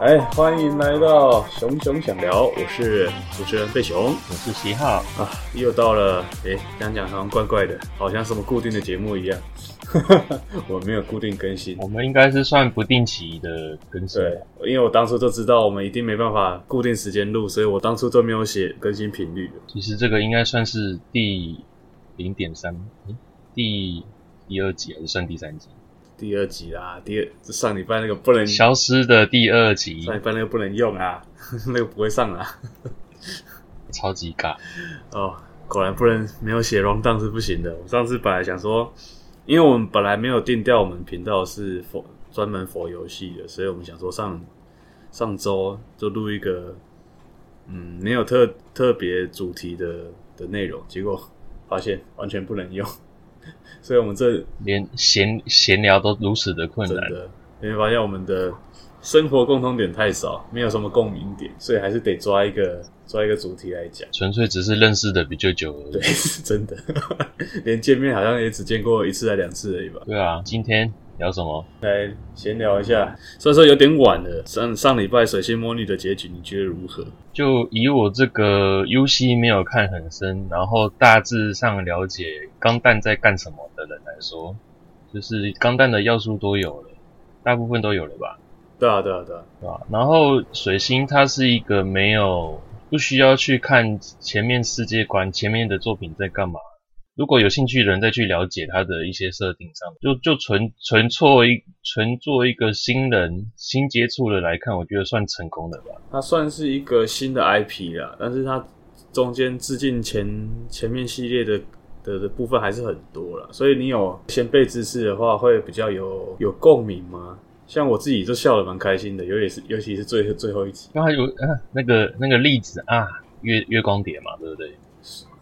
哎，歡迎來到熊熊想聊，我是主持人費熊，我是七號啊，又到了，哎，講講好像怪怪的，好像什麼固定的節目一樣。哈哈哈，我沒有固定更新，我們應該是算不定期的更新。對，因為我當初就知道我們一定沒辦法固定時間錄，所以我當初就沒有寫更新頻率。其實這個應該算是第零點三，第一二集還是算第三集？第二集啦，第二，上禮拜那個不能，消失的第二集，上禮拜那個不能用啊，呵呵那個不會上啊， 超級尬。哦，果然不能沒有寫 wrong 當是不行的。我上次本來想說。因為我們本來沒有定調我們頻道是 for 專門 for 遊戲的，所以我們想說上上周就錄一個嗯沒有特特別主題的的內容，結果發現完全不能用，所以我們這連閒閒聊都如此的困難，真的，因為發現我們的生活共通點太少，沒有什麼共鳴點，所以還是得抓一個。抓一個主題來講，純粹只是認識的比較久而已。對，是真的， 連見面好像也只見過一次還兩次而已吧。對啊，今天聊什麼？來閒聊一下，雖然說有點晚了。上上禮拜水星魔女的結局，你覺得如何？就以我這個 UC 沒有看很深，然後大致上了解鋼彈在幹什麼的人來說，就是鋼彈的要素都有了，大部分都有了吧？對啊，對啊，對啊，對啊。對啊，然後水星，它是一個沒有。不需要去看前面世界觀、前面的作品在幹嘛。如果有興趣的人再去了解他的一些設定上面，就就純純做一純做一個新人、新接觸的來看，我覺得算成功的吧。它算是一個新的 IP 啦，但是它中間致敬前前面系列的的的部分還是很多啦。所以你有先備知識的話，會比較有有共鳴嗎？像我自己都笑得蠻開心的，尤其是尤其是最後最後一集，剛、啊、才有啊、呃、那個那個粒子啊月月光蝶嘛，對不對？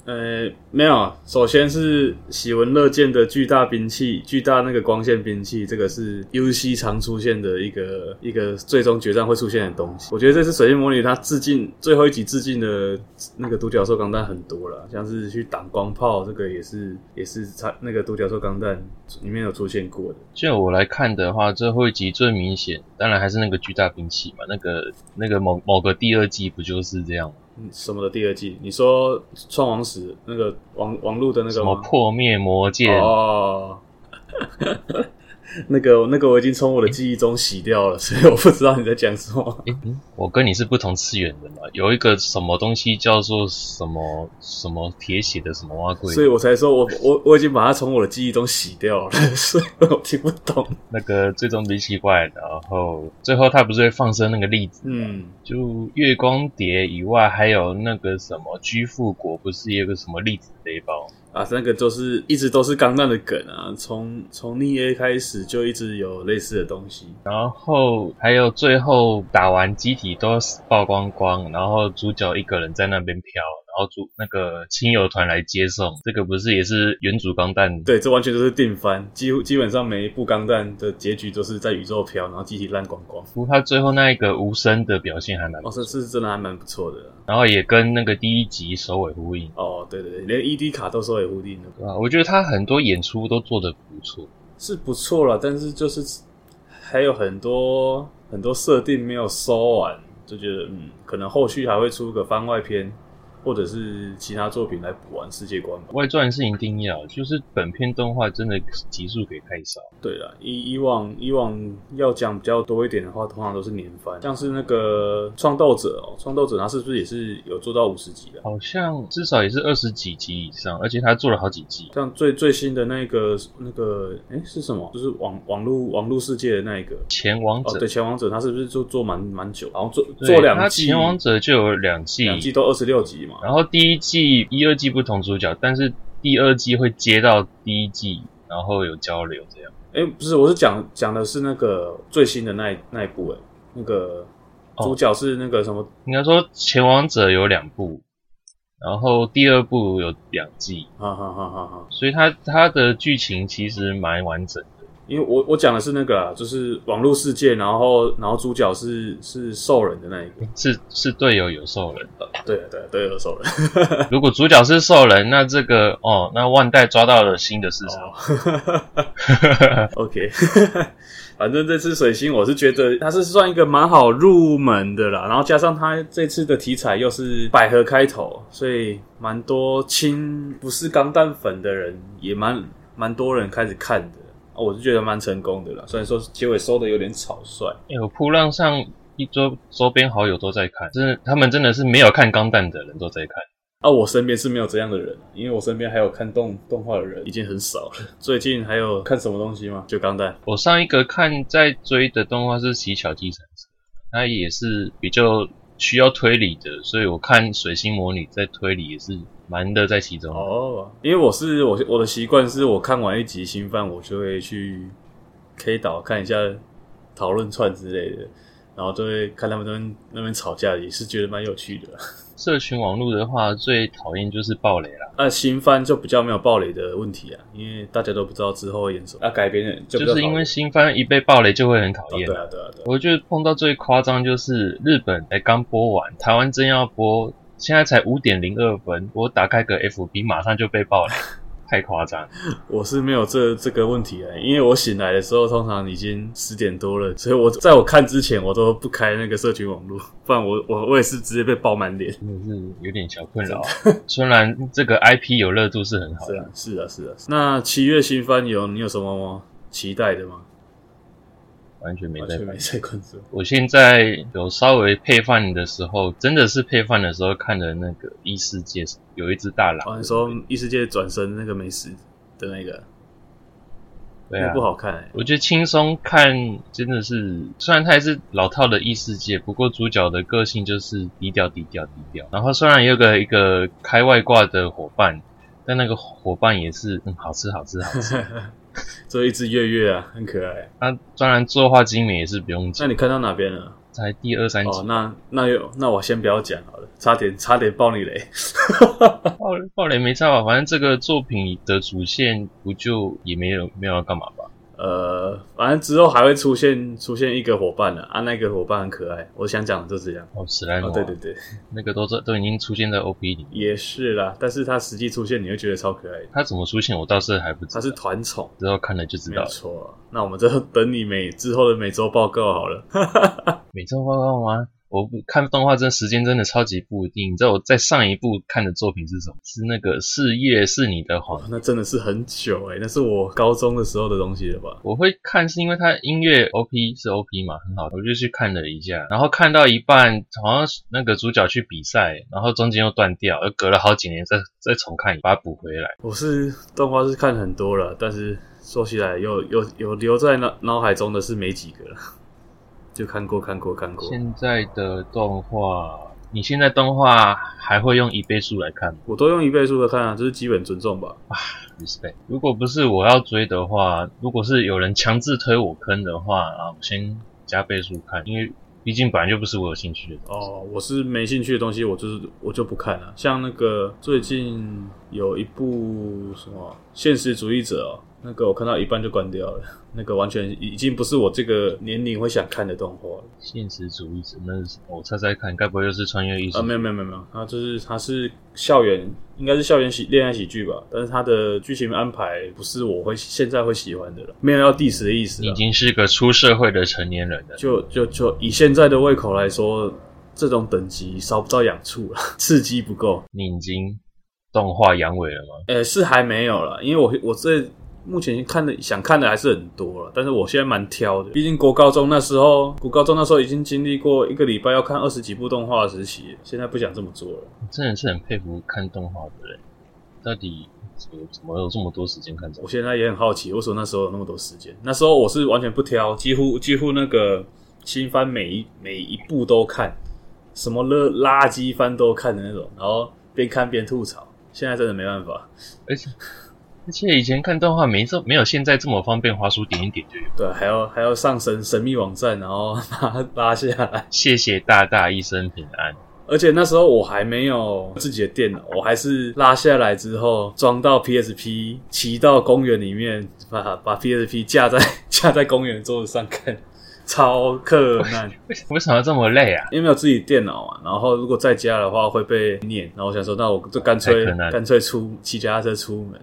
呃，沒有。首先是喜聞樂見的巨大兵器，巨大那個光線兵器，這個是 UC 常出現的一個一個最終決戰會出現的東西。我覺得這次水星魔女她致敬最後一集致敬的那個獨角獸鋼彈很多啦，像是去擋光炮，這個也是也是他那個獨角獸鋼彈裡面有出現過的。就我來看的話，最後一集最明顯，當然還是那個巨大兵器嘛，那個那個某某個第二季不就是這樣嗎？什麼的第二季？你說《創王史》那個王王路的那個什麼破滅魔界哦。 那個那個我已經從我的記憶中洗掉了，欸、所以我不知道你在講什麼、欸。我跟你是不同次元的嘛？有一個什麼東西叫做什麼什麼鐵血的什麼蛙貴，所以我才說我我我已經把它從我的記憶中洗掉了，所以我聽不懂。 那個最終兵器怪，然後最後它不是會放生那個粒子嗎、嗯？就月光蝶以外，還有那個什麼居富國，不是也有個什麼粒子背包？啊，那個都、就是一直都是鋼彈的梗啊，從從逆 A 開始就一直有類似的東西，然後還有最後打完機體都曝光光，然後主角一個人在那邊飄。然後組那個親友團來接送，這個不是也是元祖鋼彈？對，這完全就是定番，幾乎基本上每一部鋼彈的結局都是在宇宙飄，然後機體爛光光。不過他最後那一個無聲的表現還蠻……哦，這次真的還蠻不錯的。然後也跟那個第一集首尾呼應。哦，對對對，連 ED 卡都首尾呼應的，啊，我覺得他很多演出都做得不錯，是不錯啦，但是就是還有很多很多設定沒有說完，就覺得嗯，可能後續還會出個番外篇。或者是其他作品來補完世界觀。外傳是一定要，就是本篇動畫真的集數給太少。對啦，以以往以往要講比較多一點的話，通常都是年番，像是那個創鬥者哦、喔，創鬥者他是不是也是有做到五十集的？好像至少也是二十幾集以上，而且他做了好幾季。像最最新的那個那個哎、欸、是什麼？就是網網絡網絡世界的那一個前王者，喔、對前王者，他是不是就做蠻蠻久？然後做做兩季，他前王者就有兩季，兩季都二十六集嘛。然後第一季、一二季不同主角，但是第二季會接到第一季，然後有交流這樣。哎、欸，不是，我是講講的是那個最新的那那一部誒、欸，那個主角是那個什麼？應、哦、該說《前王者》有兩部，然後第二部有兩季，哈哈哈哈哈。所以它它的劇情其實蠻完整的。因為我我講的是那個啊，就是網絡世界，然後然後主角是是獸人的那一個，是是隊友有獸人的，對、啊、對、啊、隊友有獸人。 如果主角是獸人，那這個哦，那萬代抓到了新的市場，哈哈。哦、 OK， 反正這次水星我是覺得它是算一個蠻好入門的啦，然後加上它這次的題材又是百合開頭，所以蠻多親不是鋼彈粉的人也蠻蠻多人開始看的。我是覺得蠻成功的了，雖然說結尾收的有點草率，欸。有噗浪上一周，周邊好友都在看，真的，他們真的是沒有看鋼彈的人都在看。啊，我身邊是沒有這樣的人，因為我身邊還有看動動畫的人已經很少了。最近還有看什麼東西嗎？就鋼彈。我上一個看在追的動畫是《奇巧計程車》，它也是比較需要推理的，所以我看《水星魔女》在推理也是，蠻樂在其中哦，oh, 因為我是我我的習慣是，我看完一集新番，我就會去 K 島看一下討論串之類的，然後就會看他們那邊那邊吵架，也是覺得蠻有趣的、啊。社群網絡的話，最討厭就是暴雷了。那、啊、新番就比較沒有暴雷的問題啊，因為大家都不知道之後會演什麼。啊，改編的就,就是因為新番一被暴雷就會很討厭。對啊，對啊，對,對,對我覺得碰到最誇張就是日本才剛、欸、播完，台灣真要播。現在才五點零二分，我打開個 FB，馬上就被爆了，太誇張！我是沒有這這個問題的、欸，因為我醒來的時候通常已經十點多了，所以我在我看之前，我都不開那個社群網絡，不然我我我也是直接被爆滿臉。真的是有點小困擾、啊，雖然這個 IP 有熱度是很好的，是啊是啊是啊。那七月新番有你有什麼嗎？期待的嗎？完全沒在，完全沒在。我現在有稍微配飯的時候，真的是配飯的時候看的那個異、e、世界，有一隻大狼、啊、說異世界轉生那個美食的那個，對啊、啊那個、不好看、欸。我覺得輕鬆看真的是，雖然它還是老套的異、e、世界，不過主角的個性就是低調低調低調。然後雖然有個一個開外掛的夥伴，但那個夥伴也是、嗯、好吃好吃好吃。 做一隻月月啊，很可愛。那、啊、當然，作畫精美也是不用講。那你看到哪邊了？才第二三集。哦、那那又那我先不要講好了，差點差點爆你雷。爆爆雷沒差吧？反正這個作品的主線不就也沒有沒有要幹嘛吧？呃，反正之後還會出現出現一個夥伴的啊，啊那個夥伴很可愛，我想講就是這樣。哦，史萊姆。哦，對對對，那個都是都已經出現在 OP 裡面，也是啦。但是它實際出現，你會覺得超可愛的。它怎麼出現，我倒是還不知道。它是團寵，之後看了就知道。沒錯啊，那我們就等你每之後的每周報告好了，哈哈哈，每周報告嗎？我不看動畫，真時間真的超級不一定。你知道我在上一部看的作品是什麼？是那個《四月是你的謊》啊，那真的是很久誒、欸、那是我高中的時候的東西了吧？我會看是因為它音樂 OP 是 OP 嘛，很好的，我就去看了一下。然後看到一半，好像那個主角去比賽，然後中間又斷掉，又隔了好幾年再再重看，把它補回來。我是動畫是看很多了，但是說起來有有有留在腦腦海中的是沒幾個了。就看過，看過，看過。現在的動畫，你現在動畫還會用一倍速來看嗎？我都用一倍速的看啊，這、就是基本尊重吧？啊，respect。如果不是我要追的話，如果是有人強制推我坑的話，啊，我先加倍速看，因為畢竟本來就不是我有興趣的東西。哦，我是沒興趣的東西，我就是我就不看了。像那個最近有一部什麼現實主義者、哦那個我看到一半就關掉了，那個完全已經不是我這個年齡會想看的動畫了。現實主義者，那是什麼？我猜猜看，該不會又是穿越意思？啊，沒有沒有沒有沒有，啊，他就是它是校園，應該是校園喜戀愛喜劇吧？但是它的劇情安排不是我會現在會喜歡的了。沒有要 diss 的意思，已經是個出社會的成年人了。就就就以現在的胃口來說，這種等級搔不到癢處了，刺激不夠。你已經動畫陽痿了嗎？呃、欸，是還沒有了，因為我我這目前已經看的想看的還是很多了，但是我現在蠻挑的。畢竟國高中那時候，國高中那時候已經經歷過一個禮拜要看二十幾部動畫的時期，現在不想這麼做了。真的是很佩服看動畫的人，到底怎麼怎麼有這麼多時間看。我現在也很好奇，為什麼那時候有那麼多時間？那時候我是完全不挑，幾乎幾乎那個新番每一每一部都看，什麼垃垃圾番都看的那種，然後邊看邊吐槽。現在真的沒辦法，而、欸、且。而且以前看動畫沒這沒有現在這麼方便，滑鼠點一點，對，還要還要上神神秘網站，然後拉拉下來。謝謝大大一生平安。而且那時候我還沒有自己的電腦，我還是拉下來之後裝到 PSP，騎到公園裡面，把把 PSP 架在架在公園桌子上看。超克難，為什麼？為什麼這麼累啊？因為沒有自己電腦嘛、啊。然後如果在家的話會被念。然後我想說，那我就乾脆乾、啊、脆出騎腳踏車出門。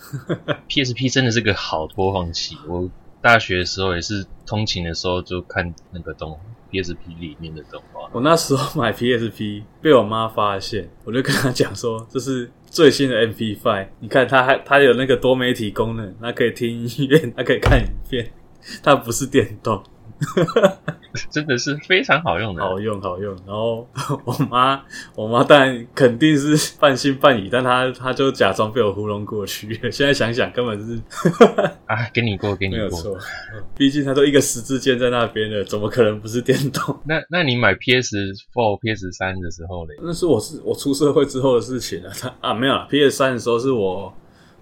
PSP 真的是個好播放器。我大學的時候也是通勤的時候就看那個動畫 PSP 裡面的動畫。我那時候買 PSP 被我媽發現，我就跟她講說這是最新的 MP5，你看它還它有那個多媒體功能，它可以聽音樂，它可以看影片，它不是電動。 真的是非常好用的、啊，好用好用。然後我媽，我媽當然肯定是半信半疑，但她她就假裝被我糊弄過去。現在想想，根本、就是 啊，給你過，給你過，沒有錯、嗯。畢竟她都一個十字鍵在那邊了，怎麼可能不是電動？那那你買 PS Four、PS 三的時候呢？那是我是我出社會之後的事情了、啊。啊，沒有啦，PS 三的時候是我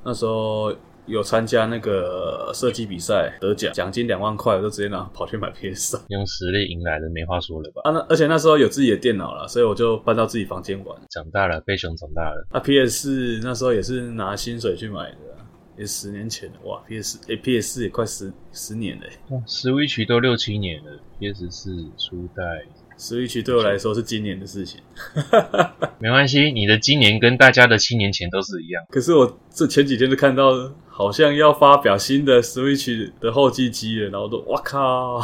那時候。有參加那個射擊比賽得獎，獎金兩萬塊，我就直接拿跑去買 PS，用實力贏來的，沒話說了吧？啊，那而且那時候有自己的電腦了，所以我就搬到自己房間玩。長大了，被熊長大了。啊 PS4 那時候也是拿薪水去買的啦，也是十年前的哇。PS 哎、欸，PS4 也快十十年了耶，哇、哦，Switch 都六七年了，PS 四初代。Switch 對我來說是今年的事情， 沒關係，你的今年跟大家的七年前都是一樣。可是我這前幾天就看到，好像要發表新的 Switch 的後繼機了，然後都我靠，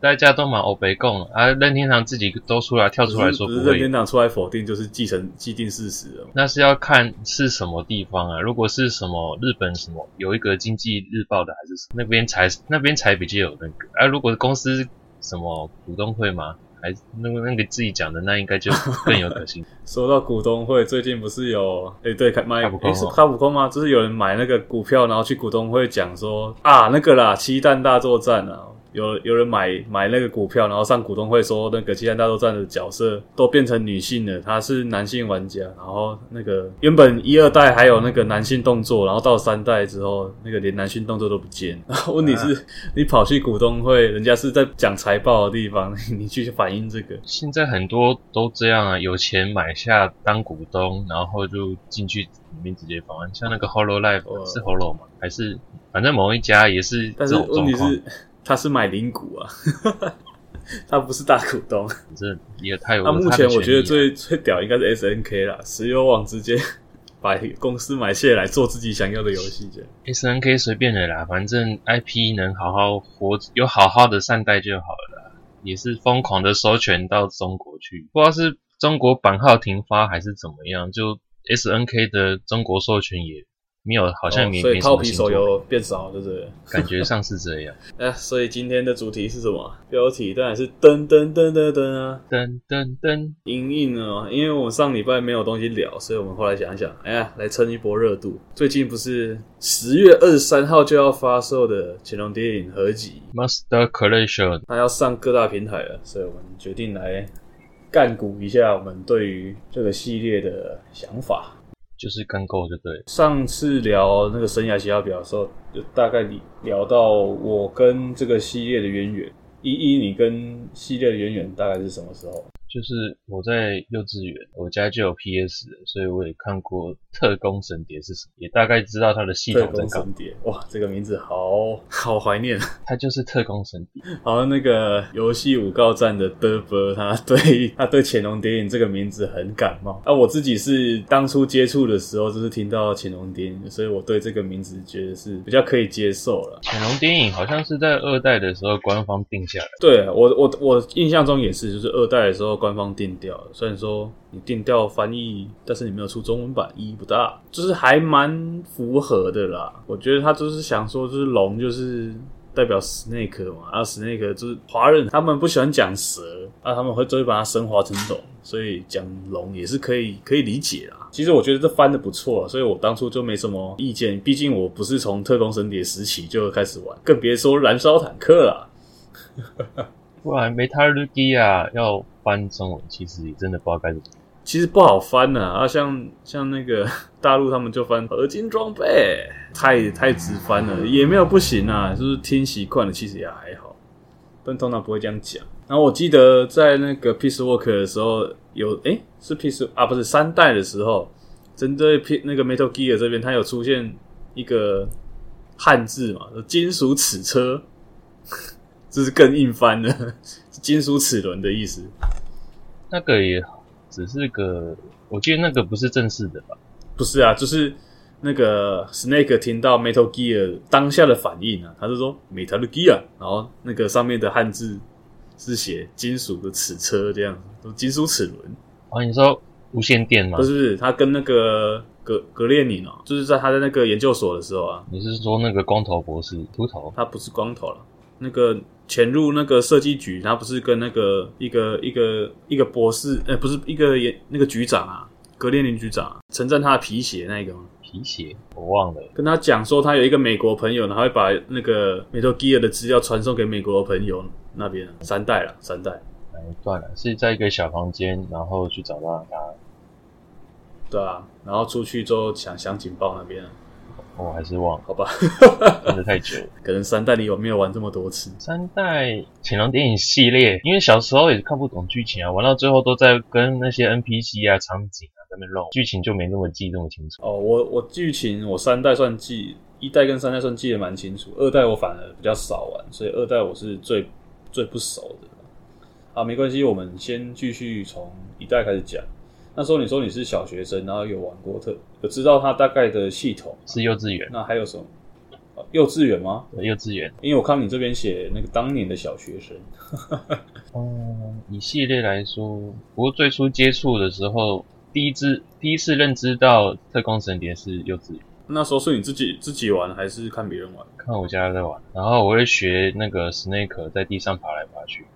大 家都忙歐北共，啊，任天堂自己都出來跳出來說不會。任天堂出來否定就是既成既定事實了。那是要看是什麼地方啊，如果是什麼日本什麼有一個經濟日報的，還是什麼那邊才那邊才比較有那個，啊，如果是公司是什麼股東會嗎？還那個那個自己講的，那應該就更有可信。 說到股東會，最近不是有誒、欸、對賣空、哦，誒是開悟空嗎？就是有人買那個股票，然後去股東會講說啊那個啦七待大作戰啊。有有人買買那個股票，然後上股東會說那個《七三大作戰》的角色都變成女性了，他是男性玩家，然後那個原本一二代還有那個男性動作，嗯、然後到三代之後，那個連男性動作都不見。然 後問題是、啊，你跑去股東會，人家是在講財報的地方，你去反映這個。現在很多都這樣啊，有錢買下當股東，然後就進去裡面直接反映，像那個 Holo Life，嗯 Hololive 是 Holo 嗎？還是反正某一家也是但是總之。他是買零股啊，呵呵，他不是大股東。這也太有他、啊……那目前我覺得最最屌應該是 SNK 啦，石油王直接把公司買下來做自己想要的遊戲。SNK 隨便的啦，反正 IP 能好好活，有好好的善待就好了啦。也是瘋狂的授權到中國去，不知道是中國版號停發還是怎麼樣，就 SNK 的中國授權也。沒有，好像沒、哦、所以套皮手遊變少，對不對？感覺像是這樣。哎、 啊，所以今天的主題是什麼？標題當然是噔噔噔噔噔啊，噔噔噔！噔噔哦。因為我們上禮拜沒有東西聊，所以我們後來想一想，哎呀，來蹭一波熱度。最近不是十月二十三號就要發售的《潛龍諜影合輯》Master Collection，它要上各大平台了，所以我們決定來干股一下我們對於這個系列的想法。就是剛夠就對。上次聊那個《生涯奇亞表》的時候，就大概聊到我跟這個系列的淵源。依依，你跟系列的淵源大概是什麼時候？就是我在幼稚園，我家就有 P S 的，所以我也看過《特攻神諜》是什麼，也大概知道它的系統。特攻神諜，哇，這個名字好好懷念。它就是特《特攻神諜》。好像那個遊戲五告戰的德伯，他對他對《潛龍諜影》這個名字很感冒。啊，我自己是當初接觸的時候，就是聽到《潛龍諜影》，所以我對這個名字覺得是比較可以接受了。《潛龍諜影》好像是在二代的時候官方定下來。對我我我印象中也是，就是二代的時候。官方定調，雖然說你定調翻譯，但是你沒有出中文版，意義不大。就是還蠻符合的啦，我覺得他就是想說，就是龍就是代表史內克嘛，啊，史內克就是華人，他們不喜歡講蛇，啊，他們會終於把它升華成龍，所以講龍也是可以可以理解啦。其實我覺得這翻的不錯，所以我當初就沒什麼意見，畢竟我不是從特攻神諜時期就開始玩，更別說燃燒坦克了。不然沒太入戲啊，要。翻中文其實也真的不知道該怎麼辦，其實不好翻呢、啊。啊，像像那個大陸他們就翻合金裝備，太太直翻了，也沒有不行啊，就是聽習慣了，其實也還好。但通常不會這樣講。然後我記得在那個《Peace Walker》的時候，有誒是, Peace,、啊、是《Peace》啊，不是三代的時候，針對《Peace 那個《Metal Gear》這邊，它有出現一個漢字嘛，金屬齒車，這是更硬翻的。金屬齒輪的意思，那個也只是個，我記得那個不是正式的吧？不是啊，就是那個 Snake 聽到 Metal Gear 當下的反應啊，他就說 Metal Gear，然後那個上面的漢字是寫金屬的齒車這樣，都金屬齒輪。啊，你說無線電嗎？不是不是，他跟那個格格列寧哦、啊，就是在他在那個研究所的時候啊。你是說那個光頭博士禿頭？他不是光頭了。那個潛入那個設計局，他不是跟那個一個一個一個博士，呃、欸，不是一個也，那個局長啊，格列林局長、啊，稱讚他的皮鞋那個嗎？皮鞋我忘了，跟他講說他有一個美國朋友，然後會把那個 Metal Gear 的資料傳送給美國的朋友那邊。三代了，三代，哎斷了，是在一個小房間，然後去找到他。對啊，然後出去之後想想警報那邊。我、哦、還是忘了好吧，玩 的太久了，可能三代你有沒有玩這麼多次？三代《潛龍諜影》系列，因為小時候也看不懂劇情啊，玩到最後都在跟那些 NPC 啊、場景啊在那邊弄，劇情就沒那麼記那麼清楚。哦，我我劇情我三代算記，一代跟三代算記得蠻清楚，二代我反而比較少玩，所以二代我是最最不熟的。好、啊，沒關係，我們先繼續從一代開始講。那時候你說你是小學生，然後有玩過特。我知道他大概的系統是幼稚園，那還有什麼？幼稚園嗎？幼稚園。因為我看你這邊寫那個當年的小學生。哦、 嗯，以系列來說，不過最初接觸的時候，第一次第一次認知到特攻神諜是幼稚園。那時候是你自己自己玩，還是看別人玩？看我家在玩，然後我會學那個 Snake 在地上爬來爬去。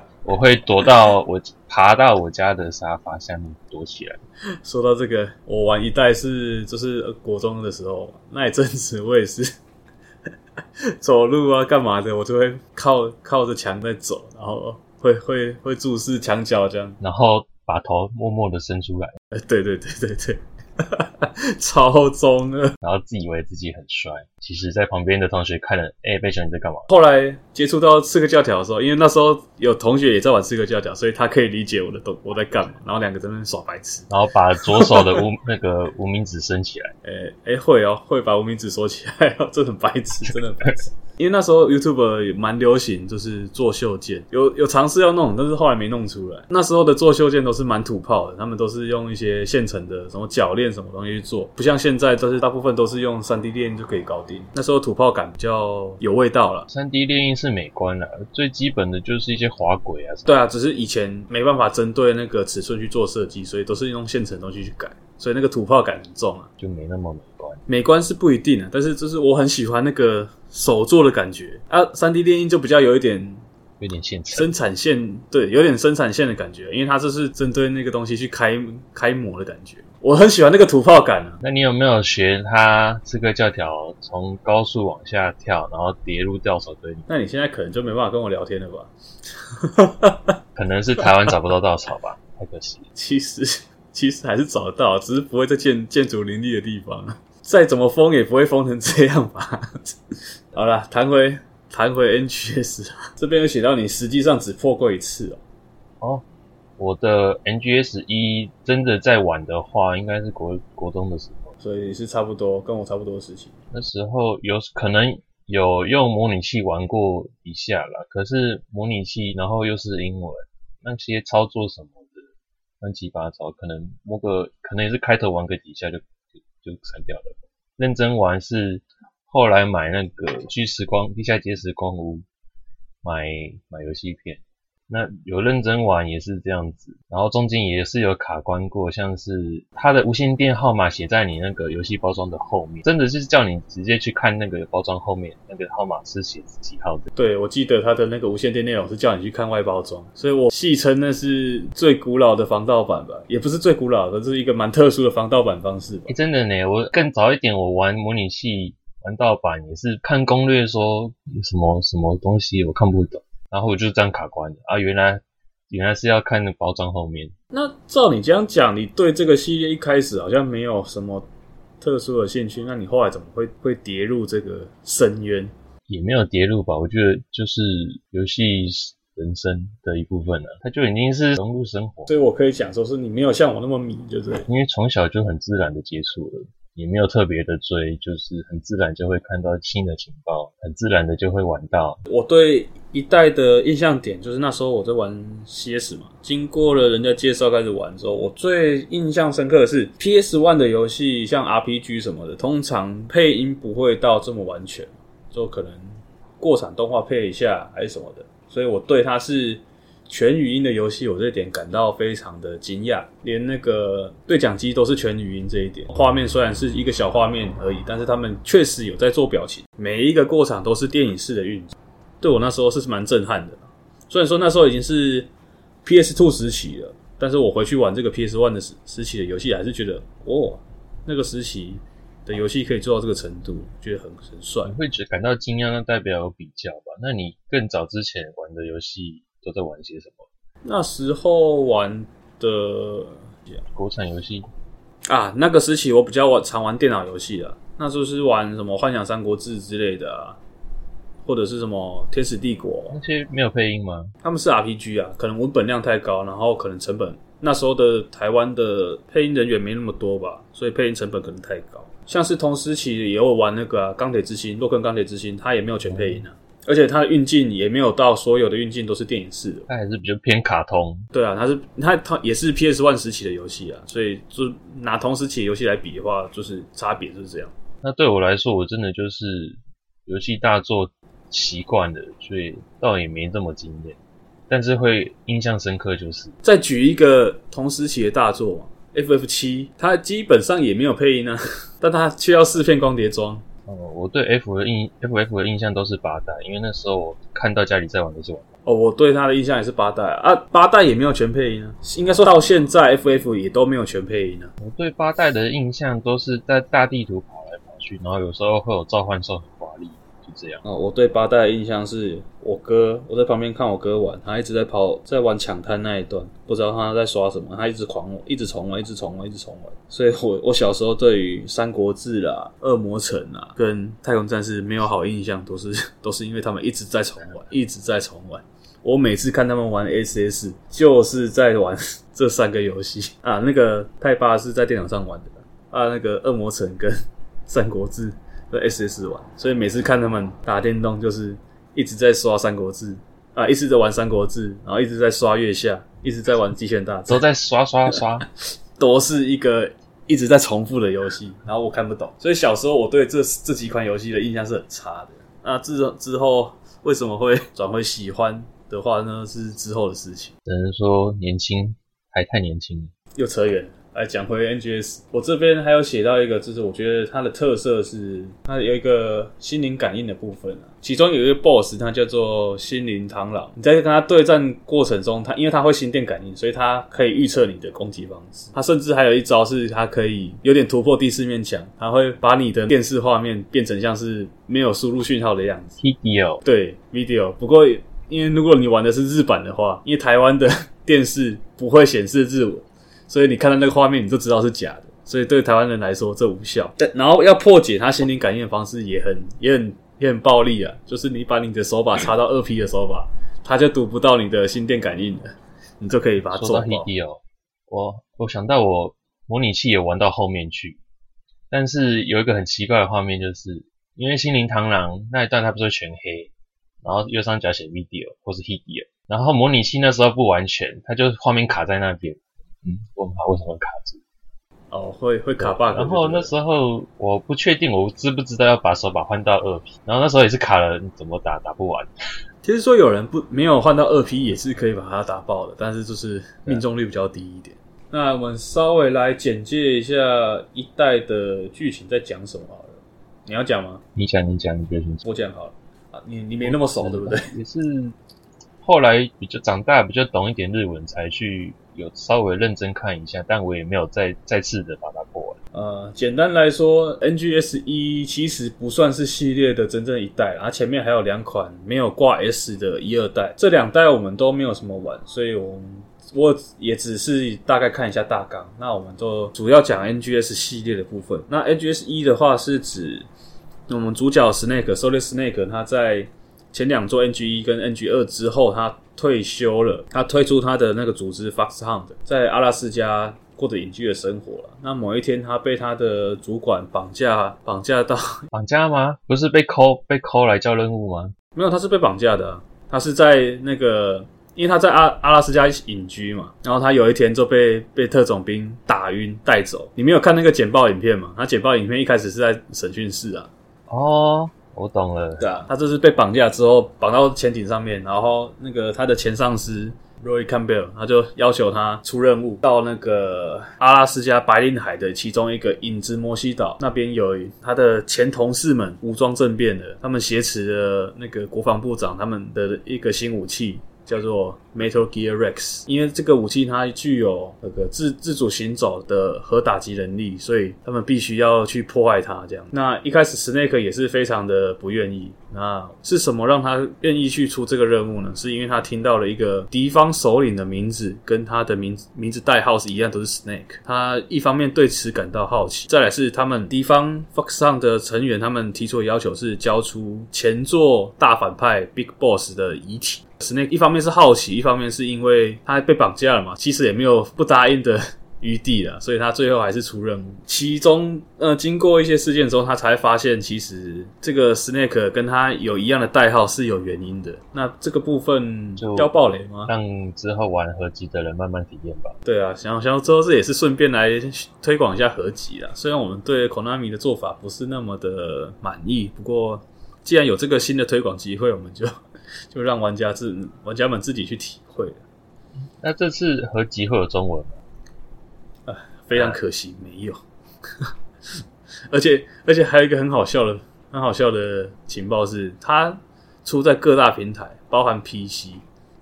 我會躲到我爬到我家的沙發下面躲起來。說到這個，我玩一代是就是國中的時候那一陣子，我也是 走路啊幹嘛的，我就會靠靠着牆在走，然後會會會注視牆角這樣，然後把頭默默地伸出來。呃、對對對對對。哈哈，超中二。然後自以為自己很帥，其實，在旁邊的同學看了，哎、欸，貝強你在幹嘛？後來接觸到刺客教條的時候，因為那時候有同學也在玩刺客教條，所以他可以理解我的動，我在幹嘛。然後兩個在那邊耍白痴，然後把左手的無 那個無名指伸起來，誒、欸、誒、欸、會哦，會把無名指縮起來，這很白痴，真的很白痴。真的很白 因為那時候 YouTube 蠻流行，就是做袖箭有有嘗試要弄，但是後來沒弄出來。那時候的做袖箭都是蠻土炮的，他們都是用一些現成的什麼鉸鏈、什麼東西去做，不像現在，都是大部分都是用三 D 列印就可以搞定。那時候土炮感比較有味道了。三 D 列印是美觀的、啊，最基本的就是一些滑軌啊。對啊，只、就是以前沒辦法針對那個尺寸去做設計，所以都是用現成東西去改，所以那個土炮感很重啊，就沒那麼美觀。美觀是不一定的、啊，但是就是我很喜歡那個。手做的感覺啊，3D 列印就比較有一點，有點現，生產線，對，有點生產線的感覺，因為它這是針對那個東西去開開模的感覺。我很喜歡那個土炮感啊。那你有沒有學它這個教條，從高速往下跳，然後跌入稻草堆裡？那你現在可能就沒辦法跟我聊天了吧？ 可能是台灣找不到稻草吧，太可惜。其實其實還是找得到，只是不會在建建築林立的地方。再怎麼封也不會封成這樣吧。 好啦了，談回談回 MGS，這邊有寫到你實際上只破過一次哦。哦，我的 MGS 一真的在玩的話，應該是國國中的時候，所以是差不多跟我差不多的時期。那時候有可能有用模擬器玩過一下了，可是模擬器然後又是英文，那些操作什麼的亂七八糟，可能摸個可能也是開頭玩個幾下就。就刪掉了。認真玩是後來買那個《去時光》《地下街時光屋》買，買買遊戲片。那有認真玩也是這樣子，然後中間也是有卡關過，像是他的無線電號碼寫在你那個遊戲包裝的後面，真的是叫你直接去看那個包裝後面那個號碼是寫幾號的。對，我記得他的那個無線電內容是叫你去看外包裝，所以我戲稱那是最古老的防盜版吧，也不是最古老的，這是一個蠻特殊的防盜版方式吧。欸，真的呢，我更早一點我玩模擬器玩盜版也是看攻略說有什麼什麼東西我看不懂。然後我就這樣卡關了啊，原來原來是要看那包裝後面。那照你這樣講，你對這個系列一開始好像沒有什麼特殊的興趣，那你後來怎麼會會跌入這個深淵？也沒有跌入吧，我覺得就是遊戲人生的一部分啊，它就已經是融入生活。所以我可以講說，是你沒有像我那麼迷，就是，因為從小就很自然的接觸了。也沒有特別的追，就是很自然就會看到新的情報，很自然的就會玩到。我對一代的印象點就是那時候我在玩 CS 嘛，經過了人家介紹開始玩之後，我最印象深刻的是 PS One 的遊戲，像 RPG 什麼的，通常配音不會到這麼完全，就可能過場動畫配一下還是什麼的，所以我對它是。全語音的遊戲，我這點感到非常的驚訝，連那個對講機都是全語音這一點，畫面雖然是一個小畫面而已，但是他們確實有在做表情，每一個過場都是電影式的運作，對我那時候是蠻震撼的。雖然說那時候已經是 PS Two 時期了，但是我回去玩這個 PS One 的時時期的遊戲，還是覺得哦，那個時期的遊戲可以做到這個程度，覺得很很帥。你會覺得感到驚訝，那代表有比較吧？那你更早之前玩的遊戲？都在玩些什麼？那時候玩的、yeah. 國產遊戲啊，那個時期我比較玩，常玩電腦遊戲啊，那時候是玩什麼《幻想三國志》之類的，啊，或者是什麼《天使帝國》。那些沒有配音嗎？他們是 RPG 啊，可能文本量太高，然後可能成本那時候的台灣的配音人員沒那麼多吧，所以配音成本可能太高。像是同時期也有玩那個、啊《鋼鐵之心》，洛克《鋼鐵之心》，他也沒有全配音啊。嗯而且它的運鏡也沒有到，所有的運鏡都是電影式的，它還是比較偏卡通。對啊，它是它它也是 PS One 時期的遊戲啊，所以就拿同時期的遊戲來比的話，就是差別就是這樣。那對我來說，我真的就是遊戲大作習慣的，所以倒也沒這麼驚豔，但是會印象深刻就是。再舉一個同時期的大作，《FF 七》，它基本上也沒有配音啊，但它卻要四片光碟裝。哦，我對 F 的印 F F 的印象都是八代，因為那時候我看到家裡在玩的時候。哦，我對他的印象也是八代啊，八代也沒有全配音啊，應該說到現在 F F 也都沒有全配音啊。我對八代的印象都是在大地圖跑來跑去，然後有時候會有召喚獸。哦，我對八代的印象是我哥，我在旁邊看我哥玩，他一直在跑，在玩搶灘那一段，不知道他在刷什麼，他一直狂玩，一直重玩，一直重玩，一直重玩。所以我，我我小時候對於《三國志》啦、《惡魔城》啦跟《太空戰士》沒有好印象，都是都是因為他們一直在重玩，一直在重玩。我每次看他們玩 SS，就是在玩這三個遊戲啊。那個太八是在電腦上玩的啊，那個《惡魔城》跟《三國志》，在 S S 玩，所以每次看他們打電動就是一直在刷三國志啊，一直在玩三國志，然後一直在刷月下，一直在玩機械大戰，都在刷刷刷， 都是一個一直在重複的遊戲，然後我看不懂。所以小時候我對這這幾款遊戲的印象是很差的。那之之後為什麼會轉回喜歡的話呢？是之後的事情。只能說年輕還太年輕了。又扯遠了。來講回 MGS，我這邊還有寫到一個，就是我覺得它的特色是它有一個心靈感應的部分啊。其中有一個 boss，它叫做心靈螳螂。你在跟它對戰過程中，它因為它會心電感應，所以它可以預測你的攻擊方式。它甚至還有一招是它可以有點突破第四面牆，它會把你的電視畫面變成像是沒有輸入訊號的樣子。video 對 video，不過因為如果你玩的是日版的話，因為台灣的電視不會顯示日文。所以你看到那個畫面，你就知道是假的。所以對台灣人來說，這無效、嗯。然後要破解他心靈感應的方式也很、也很、也很暴力啊，就是你把你的手把插到二 P 的手把，他就讀不到你的心電感應了，你就可以把它做掉。說到 Hideo, 我我想到我模擬器也玩到後面去，但是有一個很奇怪的畫面，就是因為心靈螳螂那一段，它不是全黑，然後右上角寫 video 或是 Hideo，然後模擬器那時候不完全，它就畫面卡在那邊。嗯，我們為什麼卡住？哦，會會卡 bug。然後那時候我不確定我知不知道要把手把換到二 P。然後那時候也是卡了，你怎麼打打不完？其實說有人不沒有換到二 P 也是可以把它打爆的，但是就是命中率比較低一點。那我們稍微來簡介一下一代的劇情在講什麼好了。你要講嗎？你講，你講，你別講。我講好了。啊，你你沒那麼慫對不對？也是後來比較長大，比較懂一點日文才去。有稍微認真看一下，但我也沒有再再次的把它過完。呃，簡單來說，MGS 一其實不算是系列的真正一代，而前面還有兩款沒有掛 S 的一二代，這兩代我們都沒有什麼玩，所以我我也只是大概看一下大綱。那我們都主要講 MGS 系列的部分。那 MGS 一的話是指我們主角 Snake，Solid Snake，他 Snake 在。前兩座 MG 一跟 MG 二之後，他退休了。他退出他的那個組織 Foxhound 在阿拉斯加過着隱居的生活了。那某一天，他被他的主管綁架，綁架到綁架嗎？不是被扣被扣來叫任務嗎？沒有，他是被綁架的、啊。他是在那個，因為他在阿阿拉斯加隱居嘛，然後他有一天就被被特種兵打暈帶走。你沒有看那個簡報影片嗎？他簡報影片一開始是在審訊室啊。哦、oh.。我懂了。對、嗯、啊，他這是被綁架之後綁到潛艇上面，然後那個他的前上司 Roy Campbell，他就要求他出任務到那個阿拉斯加白令海的其中一個影子摩西島那邊，有他的前同事們武裝政變的，他們挾持了那個國防部長他們的一個新武器，叫做 Metal Gear Rex，因為這個武器它具有那個自自主行走的核打擊能力，所以他們必須要去破壞它。這樣，那一開始 Snake 也是非常的不願意。那是什麼讓他願意去出這個任務呢？是因為他聽到了一個敵方首領的名字，跟他的名名字代號是一樣，都是 Snake。他一方面對此感到好奇，再來是他們敵方 FOXHOUND 的成員，他們提出的要求是交出前作大反派 Big Boss 的遺體。Snake 一方面是好奇，一方面是因為他被綁架了嘛，其實也沒有不答應的餘地了，所以他最後還是出任務。其中，呃，經過一些事件之後，他才發現其實這個 Snake 跟他有一樣的代號是有原因的。那這個部分就要爆雷嗎？讓之後玩合集的人慢慢體驗吧。對啊，想想之後這也是順便來推廣一下合集啦。雖然我們對 Konami 的做法不是那麼的滿意，不過既然有這個新的推廣機會，我們就。 就讓玩家自玩家們自己去體會了。那這次合集會有中文嗎？唉，非常可惜，沒有。 而且而且還有一個很好笑的很好笑的情報是，它出在各大平台，包含 PC，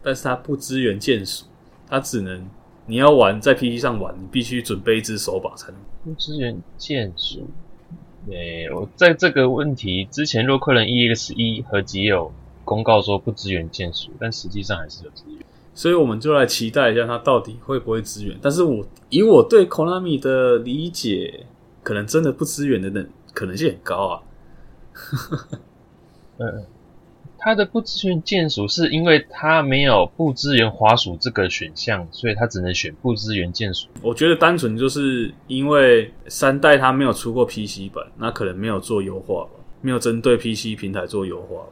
但是它不支援鍵鼠，它只能你要玩在 PC 上玩，你必須準備一支手把才能不支援鍵鼠。哎，我在這個問題之前，洛克人 EXE 合集有。公告說不支援鍵鼠，但實際上還是有支援，所以我們就來期待一下它到底會不會支援。但是我以我對 Konami 的理解，可能真的不支援的等可能性很高啊。 嗯，他的不支援鍵鼠是因為他沒有不支援滑鼠這個選項，所以他只能選不支援鍵鼠。我覺得單純就是因為三代他沒有出過 PC 版，那可能沒有做優化吧，沒有針對 PC 平台做優化吧。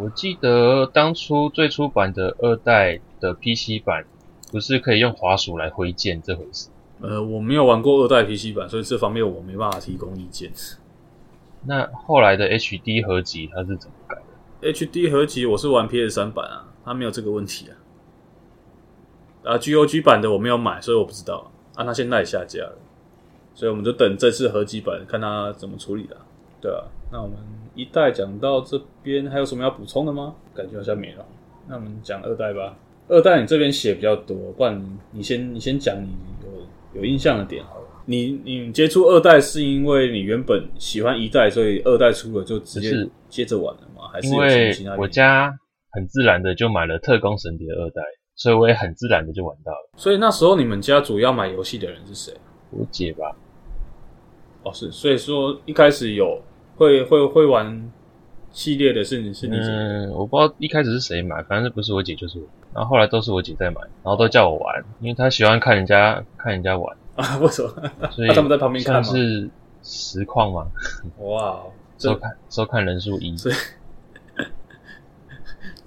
我記得當初最初版的二代的 PC 版不是可以用滑鼠來揮劍這回事？呃，我沒有玩過二代 PC 版，所以這方面我沒辦法提供意見。那後來的 HD 合集它是怎麼改的？HD 合集我是玩 PS 三版啊，它沒有這個問題啊。啊，GOG 版的我沒有買，所以我不知道啊。啊，它現在下架了，所以我們就等這次合集版看它怎麼處理了，啊。對啊，那我們。一代講到這邊，還有什麼要補充的嗎？感覺好像沒了。那我們講二代吧。二代你這邊寫比較多，不然你先你先講你有有印象的點好了。你你接觸二代是因為你原本喜歡一代，所以二代出了就直接接着玩了嗎？還是因為我家很自然的就買了特攻神諜二代，所以我也很自然的就玩到了。所以那時候你們家主要買遊戲的人是誰？我姐吧。哦，是，所以說一開始有。會會會玩系列的是你是你姐？嗯，我不知道一開始是誰買，反正不是我姐就是我，然後後來都是我姐在買，然後都叫我玩，因為她喜歡看人家看人家玩啊。為什麼？所以，啊、他們在旁邊看是實況嗎？哇，收看收看人數一，所以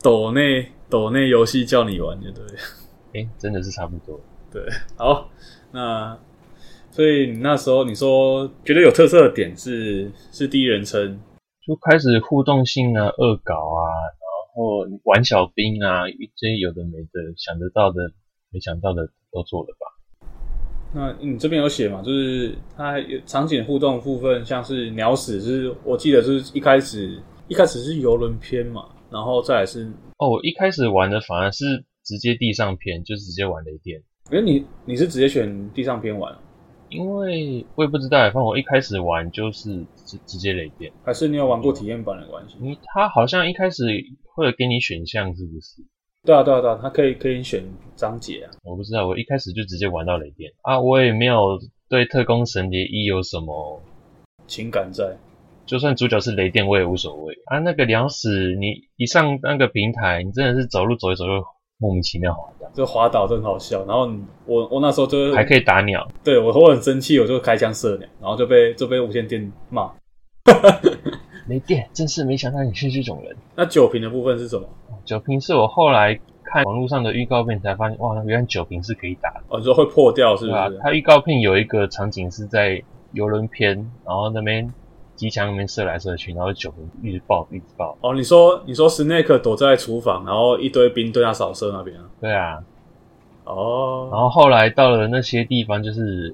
抖內抖內遊戲叫你玩就對了，誒、欸、真的是差不多，對，好，那。所以你那時候你說覺得有特色的點是是第一人稱，就開始互動性啊、惡搞啊，然後玩小兵啊，一些有的沒的，想得到的、沒想到的都做了吧。那你這邊有寫嘛？就是它有場景互動部分，像是鳥屎，就是我記得就是一開始一開始是郵輪篇嘛，然後再來是哦，一開始玩的反而是直接地上篇，就直接玩雷電。哎、欸，你你是直接選地上篇玩、啊？因為我也不知道，反正我一開始玩就是直直接雷電，還是你有玩過體驗版的關係？你、嗯、他好像一開始會給你選項，是不是？對啊，對啊，對啊，他可以可以選章節啊。我不知道，我一開始就直接玩到雷電啊，我也沒有對特攻神諜一有什麼情感在，就算主角是雷電我也無所謂啊。那個糧食，你一上那個平台，你真的是走路走一走就。莫名其妙滑倒就滑倒，真好笑。然後我我那時候就是、還可以打鳥，對我我很生氣。我就開槍射鳥，然後就被就被無線電罵， 沒電，真是沒想到你是這種人。那酒瓶的部分是什麼？酒瓶是我後來看網絡上的預告片才發現，哇，原來酒瓶是可以打的哦，就會破掉是不是，是吧、啊？它預告片有一個場景是在遊輪篇，然後那邊。機槍那邊射來射去，然後酒一直爆一直爆。哦、oh，你說你說 Snake 躲在廚房，然後一堆兵對他掃射那邊啊？對啊。哦、oh。然後後來到了那些地方，就是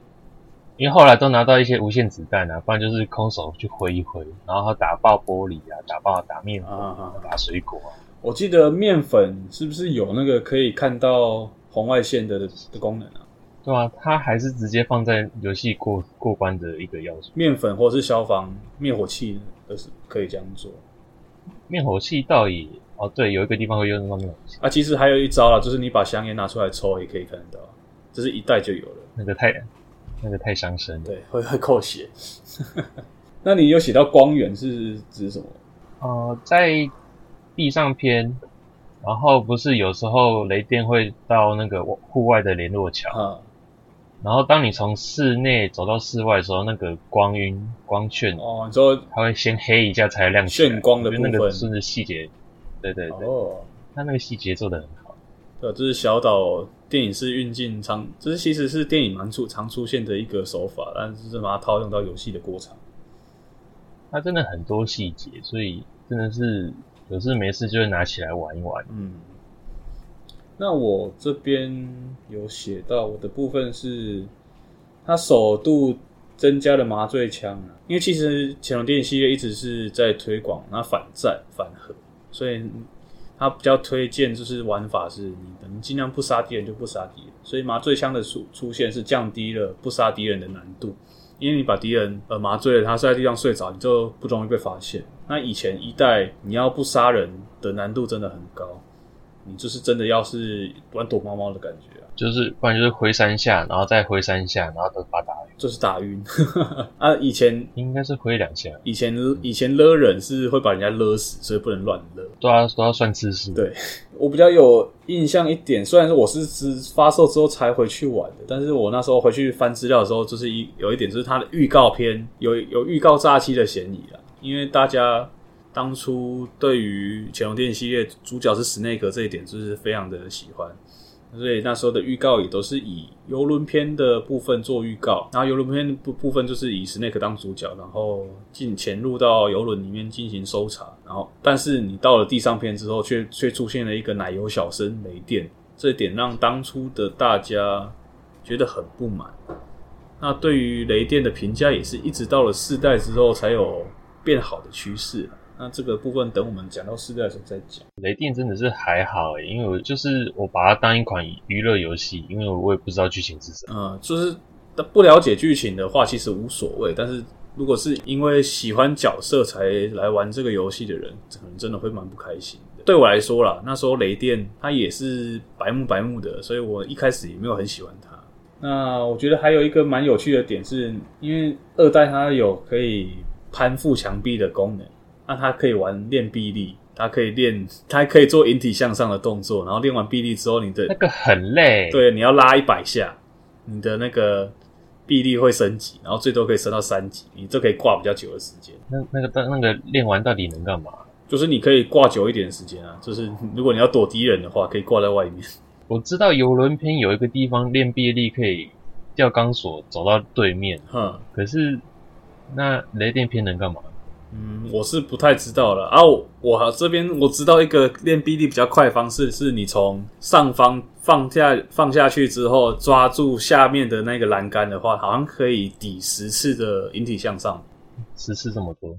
因為後來都拿到一些無限子彈啊，不然就是空手去揮一揮，然後他打爆玻璃啊，打爆打麵粉啊，uh -huh. 打水果啊。我記得麵粉是不是有那個可以看到紅外線的的功能啊？對啊，他還是直接放在遊戲過過關的一個要素。麵粉或者是消防滅火器都是可以這樣做。滅火器倒也，哦對，有一個地方會用到滅火器啊。其實還有一招啊，就是你把香煙拿出來抽也可以看得到，就是一袋就有了。那個太那個太傷身，對，會會扣血。 那你有寫到光源是指什麼？哦、呃，在地上篇，然後不是有時候雷電會到那個戶外的聯絡橋啊。嗯然後，當你從室內走到室外的時候，那個光暈、光圈哦，之後它會先黑一下才亮起來，炫光的部分那個甚至細節，對對對，哦，它那個細節做得很好。對，這是小島電影是運鏡常，這是其實是電影蠻出常出現的一個手法，但是是把它套用到遊戲的過程、嗯。它真的很多細節，所以真的是有事沒事就會拿起來玩一玩，嗯。那我這邊有寫到，我的部分是，他首度增加了麻醉槍啊，因為其實潛龍諜影系列一直是在推廣那反戰反核，所以他比較推薦就是玩法是你能你儘量不殺敵人就不殺敵人，所以麻醉槍的出出現是降低了不殺敵人的難度，因為你把敵人呃麻醉了，他睡在地上睡着，你就不容易被發現。那以前一代你要不殺人的難度真的很高。你就是真的，要是玩躲貓貓的感覺啊，就是不然就是回三下，然後再回三下，然後都把他打暈，就是打暈 啊。以前應該是回兩下，以前、嗯、以前勒人是會把人家勒死，所以不能亂勒。對啊，都要算知識。對。我比較有印象一點，雖然說我是只發售之後才回去玩的，但是我那時候回去翻資料的時候，就是一有一點，就是它的預告片有有預告詐欺的嫌疑啊，因為大家。當初對於《潛龍諜影》系列主角是 Snake 這一點，就是非常的喜歡，所以那時候的預告也都是以遊輪篇的部分做預告，然後遊輪篇部部分就是以 Snake 當主角，然後進潛入到遊輪裡面進行搜查，然後但是你到了地上篇之後卻，卻卻出現了一個奶油小生雷電，這一點讓當初的大家覺得很不滿。那對於雷電的評價也是一直到了四代之後才有變好的趨勢。那這個部分等我們講到四代的時候再講。雷電真的是還好誒、欸，因為我就是我把它當一款娛樂遊戲，因為我我也不知道劇情是什麼。嗯，就是不了解劇情的話，其實無所謂。但是如果是因為喜歡角色才來玩這個遊戲的人，可能真的會蠻不開心的。對我來說啦，那時候雷電他也是白目白目的，所以我一開始也沒有很喜歡它。那我覺得還有一個蠻有趣的點是，是因為二代它有可以攀附牆壁的功能。那、啊、它可以玩練臂力，它可以練，它還可以做引體向上的動作。然後練完臂力之後，你的那個很累。對，你要拉一百下，你的那個臂力會升級，然後最多可以升到三級，你都可以掛比較久的時間。那那個到那個練完到底能幹嘛？就是你可以掛久一點的時間啊。就是如果你要躲敵人的話，可以掛在外面。我知道油輪篇有一個地方練臂力可以吊鋼索走到對面，哼、嗯。可是那雷電篇能幹嘛？嗯，我是不太知道了啊。我，我這邊我知道一個練臂力比較快的方式，是你從上方放下，放下去之後，抓住下面的那個欄杆的話，好像可以抵十次的引體向上。十次這麼多？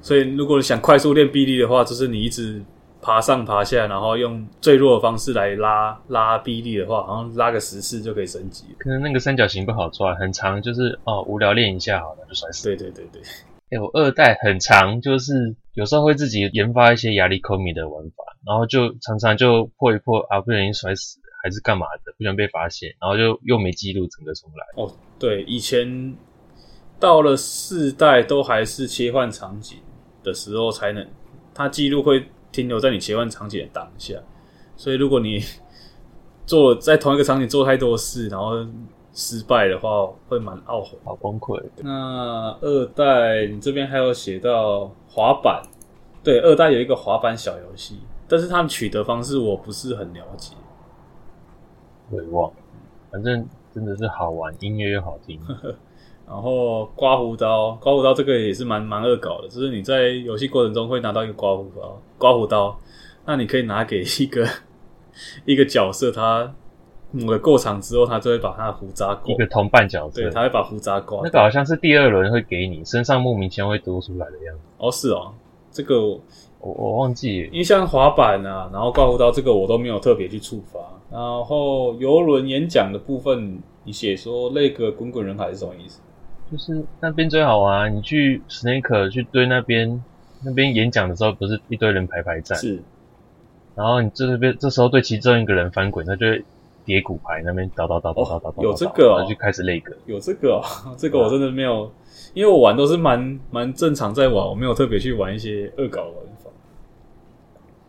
所以如果你想快速練臂力的話，就是你一直爬上爬下，然後用最弱的方式來拉，拉臂力的話，好像拉個十次就可以升級了。可能那個三角形不好抓，很長，就是哦，無聊練一下好了，就算是。對對對對。有、欸、二代很常，就是有時候會自己研發一些壓力摳米的玩法，然後就常常就破一破啊，不小心摔死，還是幹嘛的，不能被發現，然後就又沒記錄整個重來。哦，對，以前到了四代都還是切換場景的時候才能，它記錄會停留在你切換場景的當下，所以如果你做在同一個場景做太多事，然後。失敗的話會蠻懊悔，好崩潰。那二代你這邊還有寫到滑板，對，二代有一個滑板小遊戲，但是他們取得方式我不是很了解。我也忘了，反正真的是好玩，音樂又好聽。然後刮鬍刀，刮鬍刀這個也是蠻蠻惡搞的，就是你在遊戲過程中會拿到一個刮鬍刀，刮鬍刀，那你可以拿給一個一個角色他。某個過場之後，他就會把他的鬍渣刮一個銅板角子，對他會把鬍渣刮那個好像是第二輪會給你身上莫名其妙會多出來的樣子。哦是哦，這個我我，我忘記了。因為像滑板啊，然後刮鬍刀這個我都沒有特別去觸發。然後遊輪演講的部分，你寫說那個滾滾人海是什麼意思？就是那邊最好玩啊，你去 Snake 去對那邊，那邊演講的時候不是一堆人排排站，是，然後你這邊這時候對其中一個人翻滾，他就會。疊骨牌那邊倒倒倒倒倒倒倒，有這個、哦，然後就開始那個，有這個、哦，這個我真的沒有，因為我玩都是蠻蠻正常在玩，我沒有特別去玩一些惡搞的地方。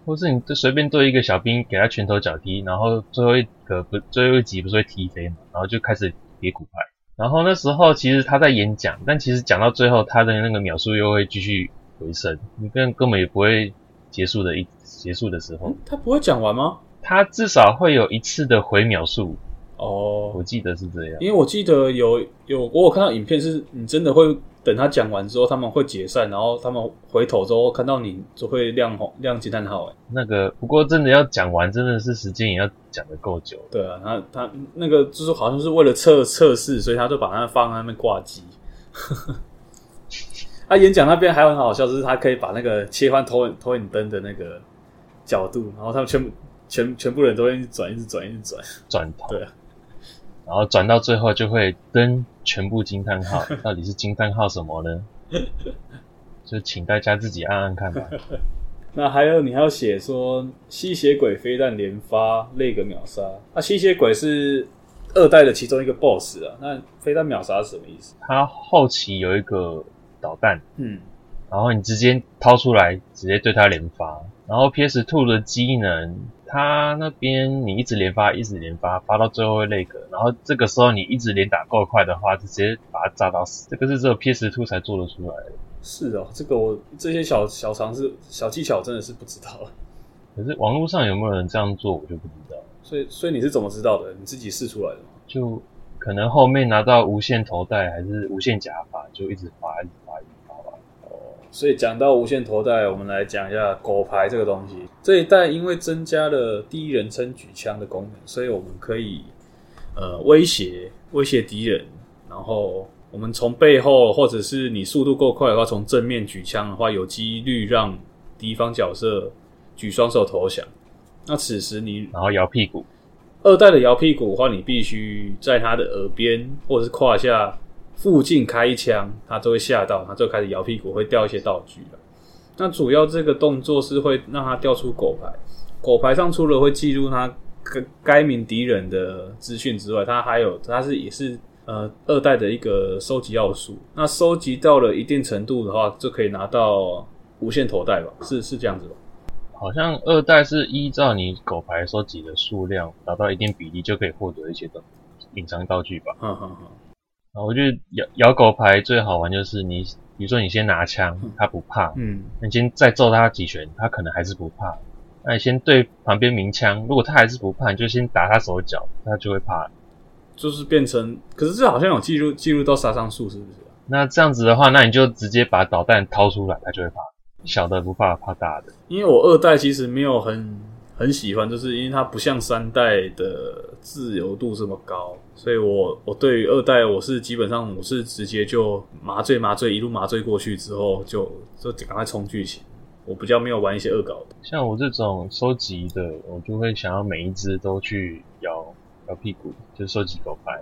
或是你就隨便對一個小兵給他拳頭腳踢，然後最後一個不最後一集不是會踢飛嘛，然後就開始疊骨牌。然後那時候其實他在演講，但其實講到最後他的那個秒數又會繼續回升，你跟根本也不會結束的，一結束的時候，嗯、他不會講完嗎？他至少會有一次的回秒數哦，oh, 我記得是這樣，因為我記得有有我有看到影片是，你真的會等他講完之後，他們會解散，然後他們回頭之後看到你就會亮紅亮雞蛋號誒，那個不過真的要講完真的是時間也要講得夠久，對啊，他他那個就是好像是為了測測試，所以他就把它放在那邊掛機。 他演講那邊還有很好笑，就是他可以把那個切換投影投影燈的那個角度，然後他們全部。全全部人都會一直轉，一直轉，一直轉，轉頭。對、啊、然後轉到最後就會登全部驚嘆號。 到底是驚嘆號什麼呢？ 就請大家自己按按看吧。 那還有你要寫說吸血鬼飛彈連發，那個秒殺。那、啊、吸血鬼是二代的其中一個 BOSS 啊。那飛彈秒殺是什麼意思？他後期有一個導彈，嗯，然後你直接掏出來，直接對他連發。然後 PS Two 的機能。他那邊你一直連發，一直連發，發到最後會累格，然後這個時候你一直連打夠快的話，就直接把它炸到死。這個是只有 PS Two 才做得出來的。是哦、啊，這個我這些小小常識、小技巧真的是不知道。可是網絡上有沒有人這樣做，我就不知道。所以，所以你是怎麼知道的？你自己試出來的嗎？就可能後面拿到無線頭戴還是無線夾髮，就一直滑，一直滑所以講到無線頭戴，我們來講一下狗牌這個東西。這一代因為增加了第一人稱舉槍的功能，所以我們可以呃威脅威脅敵人，然後我們從背後，或者是你速度夠快的話，從正面舉槍的話，有幾率讓敵方角色舉雙手投降。那此時你然後搖屁股，二代的搖屁股的話，你必須在他的耳邊或者是胯下。附近開一槍，他就會嚇到，他就開始搖屁股，會掉一些道具啦。那主要這個動作是會讓它掉出狗牌，狗牌上除了會記錄它該該名敵人的資訊之外，它還有它是也是呃二代的一個收集要素。那收集到了一定程度的話，就可以拿到無限頭帶吧？是是這樣子吧？好像二代是依照你狗牌收集的數量達到一定比例，就可以獲得一些隱、嗯、藏道具吧？嗯嗯嗯。嗯嗯啊，我覺得咬咬狗牌最好玩，就是你，比如說你先拿槍，嗯，他不怕，嗯，你先再揍他幾拳，他可能還是不怕，那你先對旁邊鳴槍，如果他還是不怕，你就先打他手腳，他就會怕了，就是變成，可是這好像有記錄記錄到殺傷術，是不是？那這樣子的話，那你就直接把導彈掏出來，他就會怕，小的不怕，怕大的，因為我二代其實沒有很很喜歡，就是因為他不像三代的自由度這麼高。所以我我對於二代我是基本上，我是直接就麻醉麻醉一路麻醉過去之後就就趕快衝劇情，我比較沒有玩一些惡搞，像我這種收集的，我就會想要每一隻都去搖搖屁股，就收集狗牌，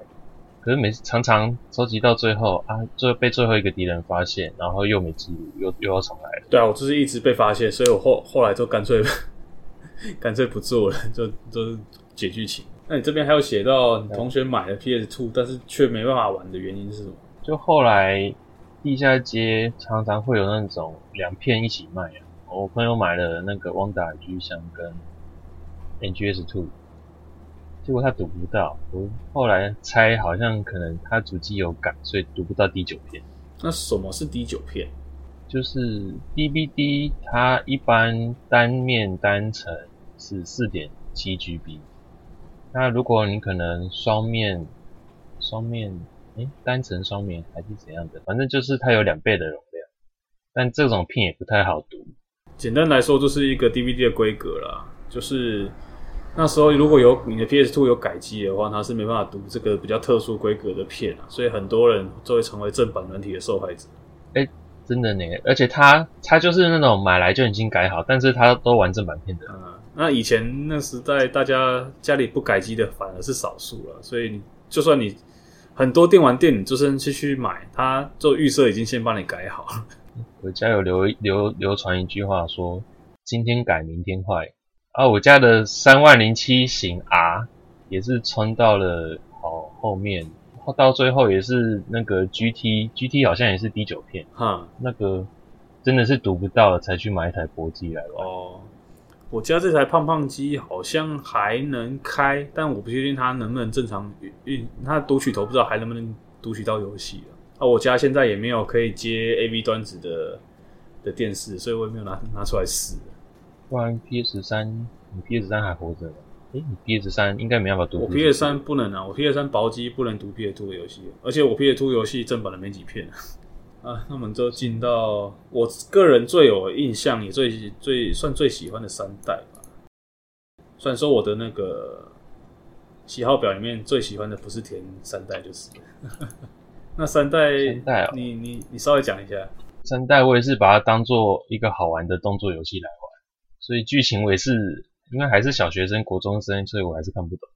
可是每次常常收集到最後啊，最後被最後一個敵人發現，然後又沒記錄，又又要重來了。對啊，我就是一直被發現，所以我後後來就乾脆乾 脆不做了，就就是、解劇情。那你這邊還有寫到你同學買了 PS Two，但是卻沒辦法玩的原因是什麼？就後來地下街常常會有那種兩片一起賣啊。我朋友買了那個汪達與巨像跟 MGS2，結果他讀不到。我後來猜好像可能他主機有改，所以讀不到 D9 片。那什麼是 D9 片？嗯？就是 DVD 它一般單面單層是四點七 GB。那如果你可能雙面、雙面，誒、欸，單層雙面還是怎樣的，反正就是它有兩倍的容量。但這種片也不太好讀。簡單來說就是一個 DVD 的規格啦，就是那時候如果有你的 PS2 有改機的話，它是沒辦法讀這個比較特殊規格的片啊，所以很多人就會成為正版軟體的受害者。哎、欸，真的呢，而且它它就是那種買來就已經改好，但是它都玩正版片的。嗯那以前那時代，大家家裡不改機的反而是少數了，啊，所以就算你很多電玩店，你就是去去買，他做預設已經先幫你改好了。我家有流流流傳一句話說：今天改，明天壞啊！我家的三萬零七型 R 也是穿到了好、哦、後面，到最後也是那個 GT GT 好像也是 D 九片，哈，那個真的是讀不到了，才去買一台薄機來玩。哦我家這台胖胖機好像還能開，但我不確定它能不能正常運。它讀取頭不知道還能不能讀取到遊戲。啊，我家現在也沒有可以接 AV 端子的的電視，所以我也沒有拿拿出來試。不然 P S 三，P S 三還活着？誒，欸，你 P S 三應該沒辦法讀，PS3。我 P S 三不能啊，我 P S 三薄機不能讀 P S Two 的遊戲，而且我 P S Two 遊戲正版的沒幾片啊。啊，那我們就進到我個人最有印象也最最算最喜歡的三代吧。雖然說我的那個喜好表裡面最喜歡的不是填三代就是。 那三代，三代哦、你你你稍微講一下，三代我也是把它當做一個好玩的動作遊戲來玩，所以劇情我也是，應該還是小學生、國中生，所以我還是看不懂。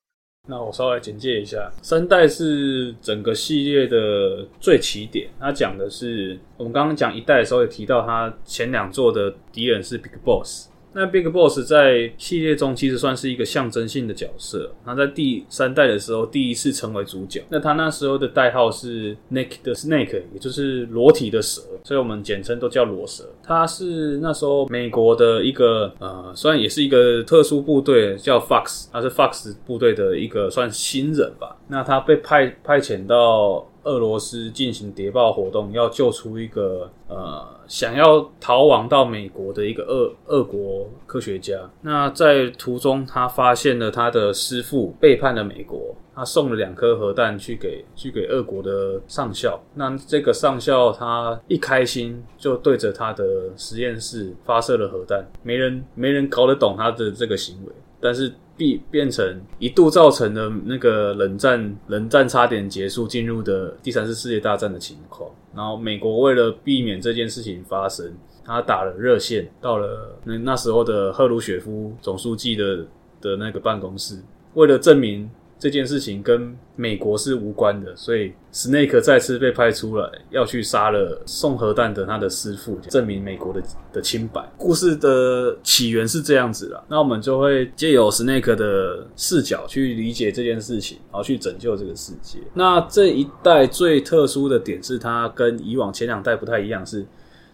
那我稍微簡介一下，三代是整個系列的最起點。它講的是，我們剛剛講一代的時候也提到，它前兩作的敵人是 Big Boss。那 Big Boss 在系列中其實算是一個象徵性的角色。他在第三代的時候，第一次成為主角。那他那時候的代號是 Naked 的 Snake，也就是裸體的蛇，所以我們簡稱都叫裸蛇。他是那時候美國的一個呃，雖然也是一個特殊部隊，叫 Fox，他是 Fox 部隊的一個算新人吧。那他被派派遣到俄羅斯進行諜報活動，要救出一個呃，想要逃亡到美國的一個俄俄國科學家。那在途中，他發現了他的師父背叛了美國，他送了兩顆核彈去給去給俄國的上校。那這個上校他一開心，就對着他的實驗室發射了核彈，沒人沒人搞得懂他的這個行為。但是變變成一度造成了那個冷戰，冷戰差點結束，進入的第三次世界大戰的情況。然後美國為了避免這件事情發生，他打了熱線到了那那時候的赫魯雪夫總書記的的那個辦公室，為了證明。這件事情跟美國是無關的，所以 Snake 再次被派出來，要去殺了送核彈的他的師父，證明美國的的清白。故事的起源是這樣子啦。那我們就會借由 Snake 的視角去理解這件事情，然後去拯救這個世界。那這一代最特殊的點是，它跟以往前兩代不太一樣，是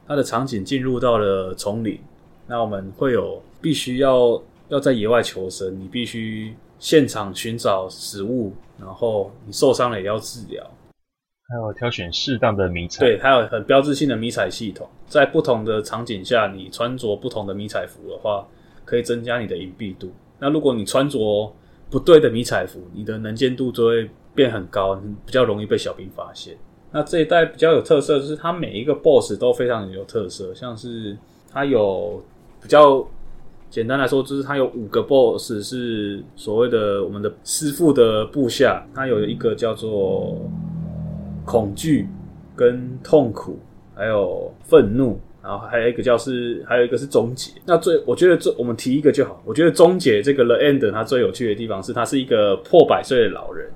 它的場景進入到了叢林。那我們會有必須要要在野外求生，你必須。現場尋找食物，然後你受傷了也要治療，還有挑選適當的迷彩。對，還有很標誌性的迷彩系統，在不同的場景下，你穿着不同的迷彩服的話，可以增加你的隱蔽度。那如果你穿着不對的迷彩服，你的能見度就會變很高，比較容易被小兵發現。那這一代比較有特色就是，它每一個 BOSS 都非常有特色，像是它有比較。簡單來說，就是他有五個 boss，是所謂的我們的師傅的部下。他有一個叫做恐懼跟痛苦，還有憤怒，然後還有一個叫是，還有一個是終結。那最我覺得最我們提一個就好。我覺得終結這個 The End，他最有趣的地方是，他是一個破百歲的老人，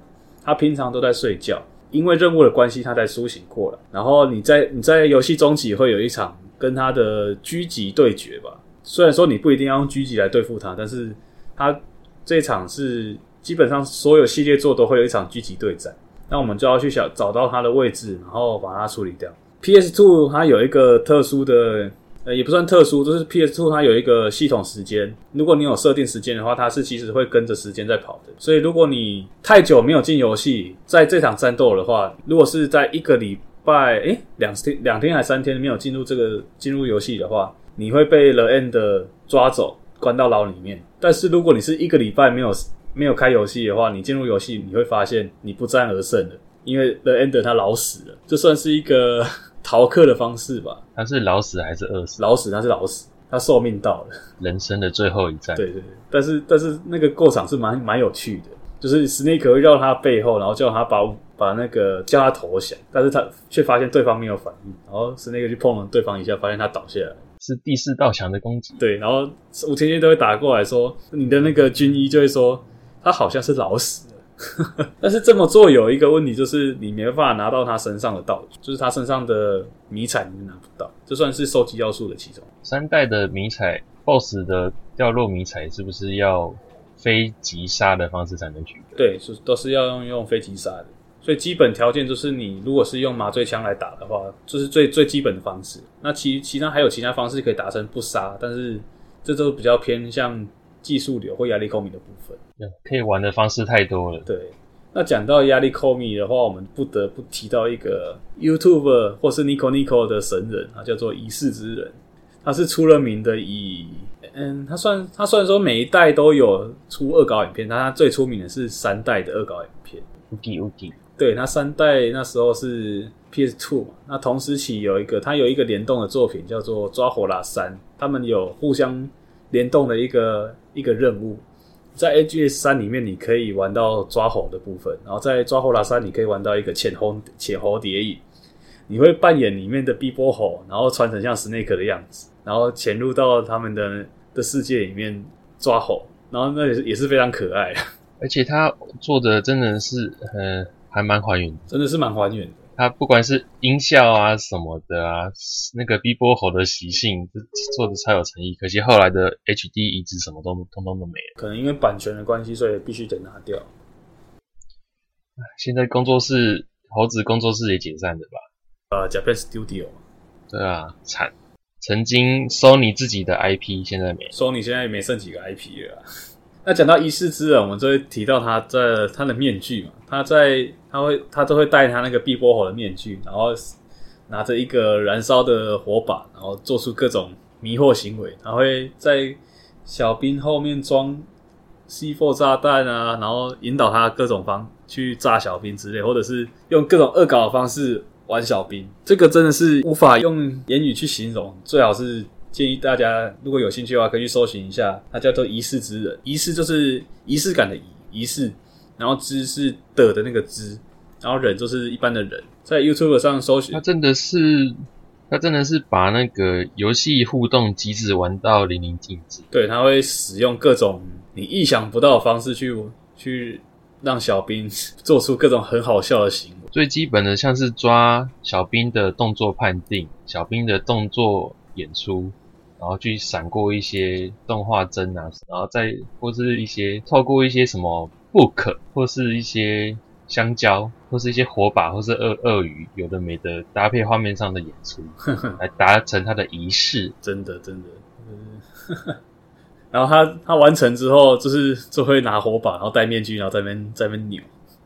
他平常都在睡覺，因為任務的關係，他才甦醒過來。然後你在你在遊戲中期會有一場跟他的狙擊對決吧。雖然說你不一定要用狙擊來對付它，但是它這一場是基本上所有系列作都會有一場狙擊對戰。那我們就要去想找到它的位置，然後把它處理掉。PS2 它有一個特殊的，呃，也不算特殊，就是 PS2 它有一個系統時間。如果你有設定時間的話，它是其實會跟着時間在跑的。所以如果你太久沒有進遊戲，在這場戰鬥的話，如果是在一個禮拜、誒、欸，兩天、兩天還三天沒有進入這個進入遊戲的話。你會被 The End 抓走，關到牢裡面。但是如果你是一個禮拜沒有沒有開遊戲的話，你進入遊戲，你會發現你不戰而勝了，因為 The End 他老死了，這算是一個逃課的方式吧？他是老死還是餓死？老死，他是老死，他壽命到了，人生的最後一戰。對對對。但是但是那個過場是蠻蠻有趣的，就是 Snake 會繞他背後，然後叫他把把那個叫他投降，但是他卻發現對方沒有反應，然後 Snake 去碰了對方一下，發現他倒下來了。是第四道牆的攻擊，對，然後武田君都會打過來說，你的那個軍醫就會說，他好像是老死了， 但是這麼做有一個問題，就是你沒辦法拿到他身上的道具，就是他身上的迷彩，你就拿不到，這算是收集要素的其中。三代的迷彩 BOSS 的掉落迷彩，是不是要非擊殺的方式才能取得？對，是都是要用用非擊殺的。所以基本條件就是你如果是用麻醉槍來打的話，這、就是最最基本的方式。那其其他還有其他方式可以達成不殺，但是這都比較偏向技術流或壓力扣米的部分。可以玩的方式太多了。對，那講到壓力扣米的話，我們不得不提到一個 YouTuber 或是 Nico Nico 的神人，啊，叫做一世之人。他是出了名的以嗯，他算他雖然說每一代都有出惡搞影片，但他最出名的是三代的惡搞影片。Uki uki 對，那三代那時候是 PS 2，那同時期有一個，它有一個聯動的作品叫做《抓猴啦三》，他們有互相聯動的一個一個任務，在 MGS 三裡面你可以玩到抓猴的部分，然後在《抓猴啦三》你可以玩到一個潛猴潛猴諜影，你會扮演裡面的碧波猴，然後穿成像 Snake 的樣子，然後潛入到他們的的世界裡面抓猴，然後那也是也是非常可愛，而且他做的真的是很。嗯還蠻還原的，真的是蠻還原的。他不管是音效啊什麼的啊，那個逼波猴的習性做的超有誠意。可惜後來的 HD 移植什麼都通通都沒了，可能因為版權的關係，所以必須得拿掉。現在工作室猴子工作室也解散了吧？呃、uh, Japan Studio。對啊，慘。曾經 Sony 自己的 IP，現在沒 Sony 現在沒剩幾個 IP 了，啊。 那講到一世之人，我們就會提到他在他的面具嘛，他在。他會，他都會戴他那個碧波火的面具，然後拿着一個燃燒的火把，然後做出各種迷惑行為。他會在小兵後面裝 C4 炸彈啊，然後引導他各種方去炸小兵之類，或者是用各種惡搞的方式玩小兵。這個真的是無法用言語去形容，最好是建議大家如果有興趣的話，可以去搜尋一下，他叫做“儀式之人”，儀式就是儀式感的儀儀式。然後“知”是“的”的那個“知”，然後“忍”就是一般的“忍”。在 YouTube 上搜尋，他真的是，他真的是把那個遊戲互動機制玩到淋漓盡致。對，他會使用各種你意想不到的方式去去讓小兵做出各種很好笑的行為。最基本的像是抓小兵的動作判定、小兵的動作演出，然後去閃過一些動畫幀啊，然後再或是一些透過一些什麼。不可，或是一些香蕉，或是一些火把，或是鱷鱷魚，有的沒的搭配畫面上的演出，來達成它的儀式。 真的，真的。呵呵，然後它它完成之後，就是就會拿火把，然後戴面具，然後在那邊在那邊扭，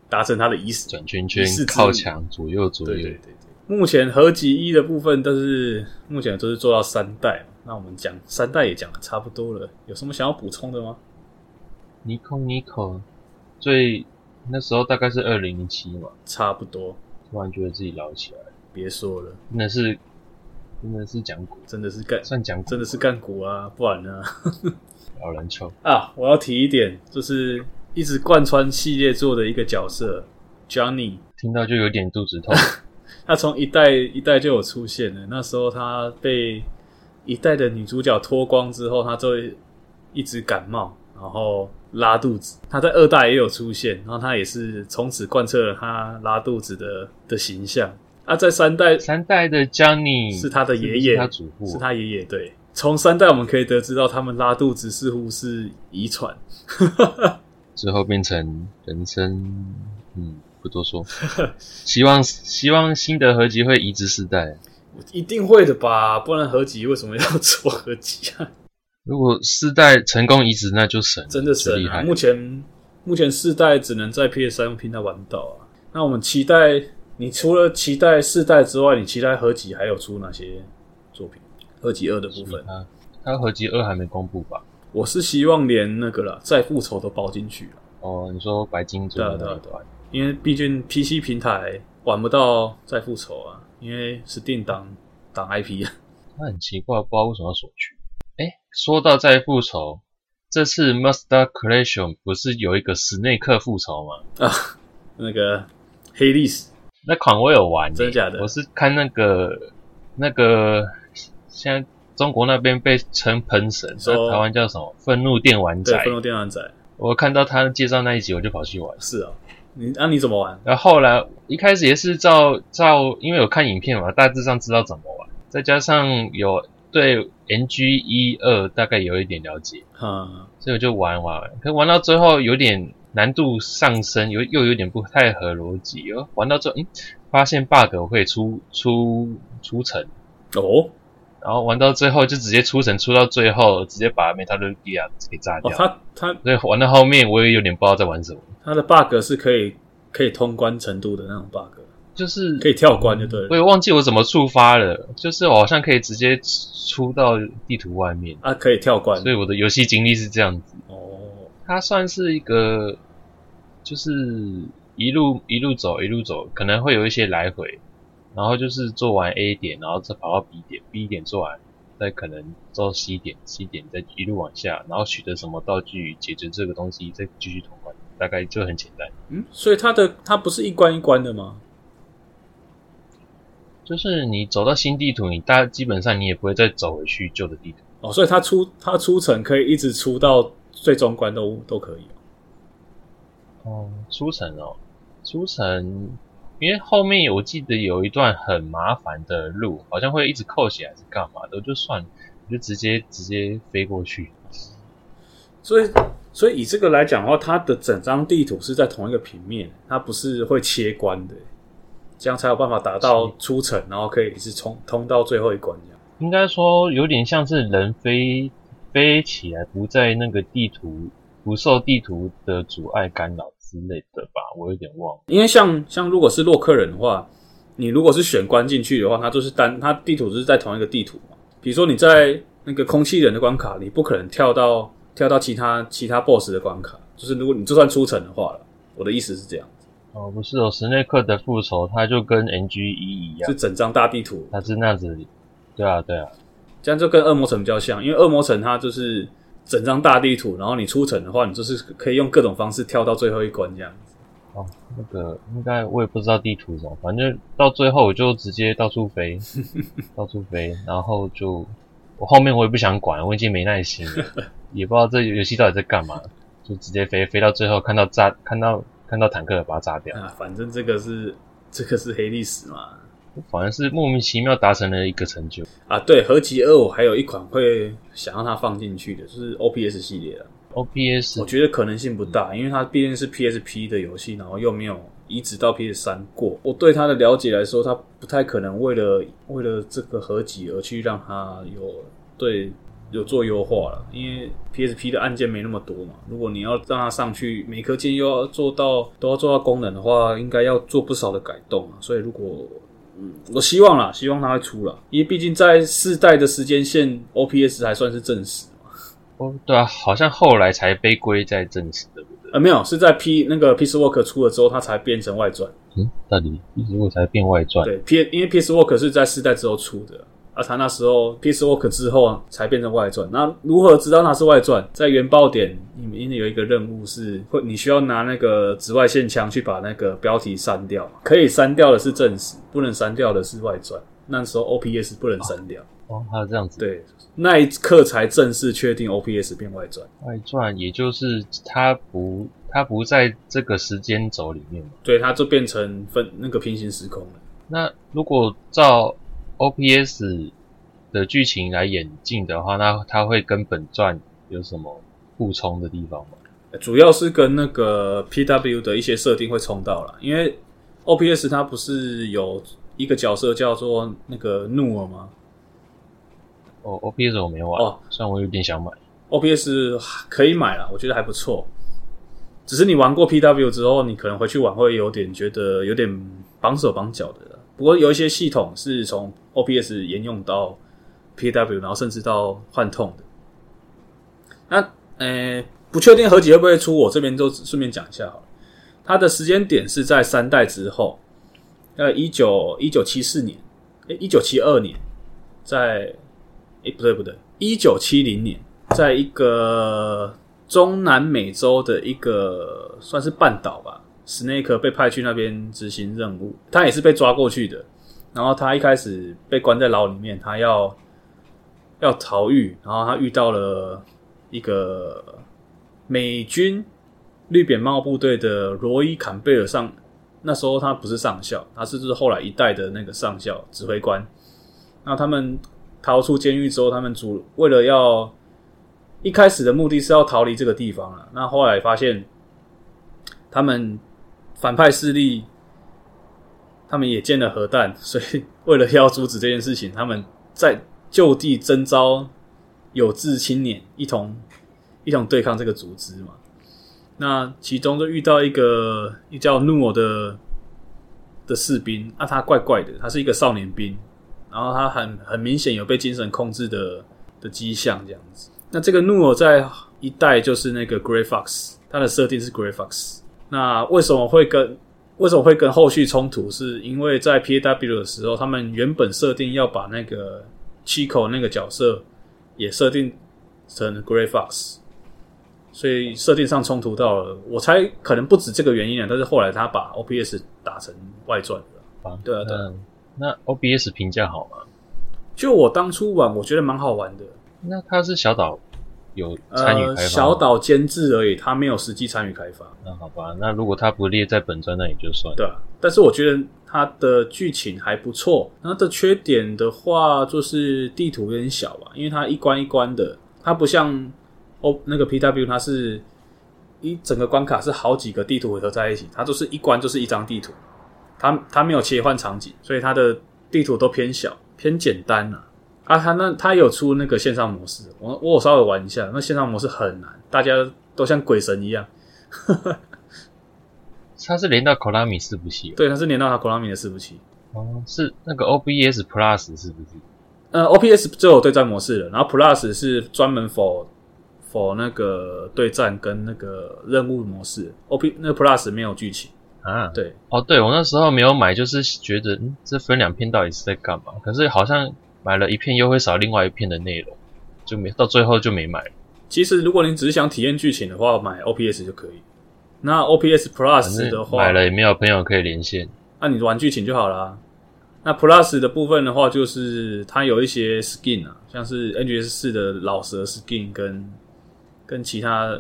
達成它的儀式。轉圈圈，四靠牆，左右左右。對對對，對。目前合輯一的部分都，但是目前都是做到三代。那我們講三代也講的差不多了，有什麼想要補充的嗎？尼可尼可。所以，那時候大概是二零零七嘛，差不多。突然覺得自己老起來，別說了，那是真的是講古，真的是干算講，真的是幹古啊，不然呢、啊？ 老難抽啊！我要提一點，就是一直貫穿系列做的一個角色 Johnny，聽到就有點肚子痛。 他從一代一代就有出現了，那時候他被一代的女主角脫光之後，他就會一直感冒，然後。拉肚子，他在二代也有出現，然後他也是從此貫徹了他拉肚子的的形象。啊，在三代，三代的 Johnny 是他的爺爺，是不是他祖父，是他爺爺。對，從三代我們可以得知到，他們拉肚子似乎是遺傳， 之後變成人生，嗯，不多說。希望希望新的合集會移植四代，一定會的吧？不然合集為什麼要做合集啊？如果四代成功移植，那就神，真的神！目前目前四代只能在 PS3 平台玩不到啊。那我們期待，你除了期待四代之外，你期待合集還有出哪些作品？合集二的部分呢？它、啊、合集二還沒公布吧？我是希望連那個了，再復仇都包進去。哦，你說白金對對對，因為畢竟 PC 平台玩不到再復仇啊，因為是 Steam 擋擋 IP 啊。那很奇怪，不知道為什麼要鎖區。哎、欸，說到在復仇，這次 Master Collection 不是有一個史內克復仇嗎？啊，那個黑歷史那款我有玩、欸，真的假的？我是看那個那個，現在中國那邊被稱噴神，在、so, 啊、台灣叫什麼？憤怒電玩仔，憤怒電玩仔。我看到他介紹那一集，我就跑去玩。是哦。你那、啊、你怎麼玩？然後來一開始也是照照，因為有看影片嘛，大致上知道怎麼玩，再加上有。嗯對，M G 一二大概有一點了解，哈、嗯，所以我就玩玩玩，可玩到最後有點難度上升，有又有點不太合邏輯、哦，玩到最後，嗯、發現 bug 會出出出城，哦，然後玩到最後就直接出城出到最後，直接把 Metal Gear 給炸掉，他、哦、他，他玩到後面我也有點不知道在玩什麼，他的 bug 是可以可以通關程度的那種 bug。就是可以跳關就對了，我也忘記我怎麼觸發了，就是我好像可以直接出到地圖外面啊，可以跳關，所以我的遊戲經歷是這樣子哦，它算是一個就是一路一路走一路走，可能會有一些來回，然後就是做完 A 點，然後再跑到 B 點，B 點做完，再可能到 C 點，C 點再一路往下，然後取得什麼道具解決這個東西，再繼續通關，大概就很簡單。嗯，所以它的它不是一關一關的嗎？就是你走到新地圖，你大基本上你也不會再走回去舊的地圖哦。所以它出它出城可以一直出到最終關都都可以哦。出城哦，出城，因為後面我記得有一段很麻煩的路，好像會一直扣血還是幹嘛的，我就算你就直接直接飛過去。所以所以以這個來講的話，它的整張地圖是在同一個平面，它不是會切關的。這樣才有辦法達到出城，然後可以一直通通到最後一關這樣。應該說有點像是人飛飛起來，不在那個地圖，不受地圖的阻礙干擾之類的吧？我有點忘了。因為像像如果是洛克人的話，你如果是選關進去的話，他就是單，他地圖就是在同一個地圖嘛。比如說你在那個空氣人的關卡，你不可能跳到跳到其他其他 BOSS 的關卡。就是如果你就算出城的話了，我的意思是這樣。哦，不是哦，史內克的復仇，它就跟 N G E 一樣，是整張大地圖，它是那樣子。對啊，對啊，這樣就跟惡魔城比較像，因為惡魔城它就是整張大地圖，然後你出城的話，你就是可以用各種方式跳到最後一關這樣子。哦，那個應該我也不知道地圖什麼，反正到最後我就直接到處飛， 到處飛，然後就我後面我也不想管，我已經沒耐心了， 也不知道這遊戲到底在幹嘛，就直接飛飛到最後看到炸看到。看到坦克把它炸掉啊！反正這個是，這個是黑歷史嘛。反正是莫名其妙達成了一個成就啊！對，合集二我還有一款會想讓它放進去的，就是 O P S 系列了。O P S，我覺得可能性不大，因為它畢竟是 P S P 的遊戲，然後又沒有移植到 P S 三過。我對它的了解來說，它不太可能為了為了這個合集而去讓它有對。有做優化了，因為 PSP 的按鍵沒那麼多嘛。如果你要讓它上去，每顆鍵又要做到都要做到功能的話，應該要做不少的改動啊。所以如果，嗯，我希望啦，希望它會出了，因為畢竟在四代的時間線，OPS 還算是正史哦，對啊，好像後來才被歸在正史的。啊、呃，沒有，是在 P 那個 Peace Walker 出了之後，它才變成外傳。嗯，到底因為才變外傳？對，P 因為 Peace Walker 是在四代之後出的。而、啊、他那時候，Peace Walker 之後才變成外傳。那如何知道那是外傳？在原爆點，你們有一個任務是，或你需要拿那個紫外線槍去把那個標題刪掉。可以刪掉的是正史，不能刪掉的是外傳。那時候，O P S 不能刪掉。啊、哦、啊，這樣子。對，那一刻才正式確定 O P S 變外傳。外傳，也就是它不，它不在這個時間軸裡面。對，它就變成分那個平行時空了。那如果照？O P S 的劇情來演進的話，那它會跟本傳有什麼補充的地方嗎？主要是跟那個 P W 的一些設定會衝到了，因為 O P S 它不是有一個角色叫做那個 Null 嗎？哦，O P S 我沒玩，哦，算我有點想買 O P S 可以買啦，我覺得還不錯，只是你玩過 P W 之後，你可能回去玩會有點覺得有點綁手綁腳的啦。不過有一些系統是從 OPS 沿用到 PW，然後甚至到幻痛的。那呃，不確定合集會不會出，我這邊就順便講一下好了。它的時間點是在三代之後，呃，一九一九七四年，哎，一九七二年，在哎不對不對，一九七零年，在一個中南美洲的一個算是半島吧。史內克被派去那邊執行任務，他也是被抓過去的。然後他一開始被關在牢裡面，他要要逃獄。然後他遇到了一個美軍綠扁帽部隊的羅伊·坎貝爾上，那時候他不是上校，他是不是後來一代的那個上校指揮官？那他們逃出監獄之後，他們主為了要一開始的目的是要逃離這個地方啊，那後來發現他們。反派勢力，他們也建了核彈，所以為了要阻止這件事情，他們在就地徵召有志青年，一同一同對抗這個組織嘛。那其中就遇到一個一叫 Null 的的士兵，啊，他怪怪的，他是一個少年兵，然後他很很明顯有被精神控制的的跡象這樣子。那這個 Null 在一代就是那個 Grey Fox，他的設定是 Grey Fox。那為什麼會跟為什麼會跟後續衝突？是因為在 P A W 的時候，他們原本設定要把那個 Chico 那個角色也設定成 Grey Fox，所以設定上衝突到了。我猜可能不止這個原因啊，但是後來他把 O P S 打成外傳的，啊。對啊，對啊。那 O P S 評價好嗎？就我當初玩，我覺得蠻好玩的。那他是小島。有參與開發，呃、小島監製而已，他沒有實際參與開發。那好吧，那如果他不列在本專那裡就算了。對，但是我覺得他的劇情還不錯。他的缺點的話，就是地圖有點小吧，因為它一關一關的，它不像哦那個 PW，它是一整個關卡是好幾個地圖組合在一起，它就是一關就是一張地圖，它它沒有切換場景，所以它的地圖都偏小，偏簡單啊。啊，他那他有出那個線上模式，我我稍微玩一下，那線上模式很難，大家都像鬼神一樣。呵呵。他是連到 Konami 伺服器，對，他是連到他 Konami 的伺服器。哦，是那個 O P S Plus 是不是？呃，O P S 就有對戰模式了，然後 Plus 是專門 for for 那個對戰跟那個任務模式。O P 那個 Plus 沒有劇情啊？對，哦，對我那時候沒有買，就是覺得、嗯、這分兩片到底是在幹嘛？可是好像。買了一片，又會少另外一片的內容，就沒到最後就沒買了。其實，如果您只是想體驗劇情的話，買 OPS 就可以。那 OPS Plus 的話，買了也沒有朋友可以連線。那、啊、你玩劇情就好啦。那 Plus 的部分的話，就是它有一些 Skin 啊，像是 MGS 四的老蛇 Skin 跟跟其他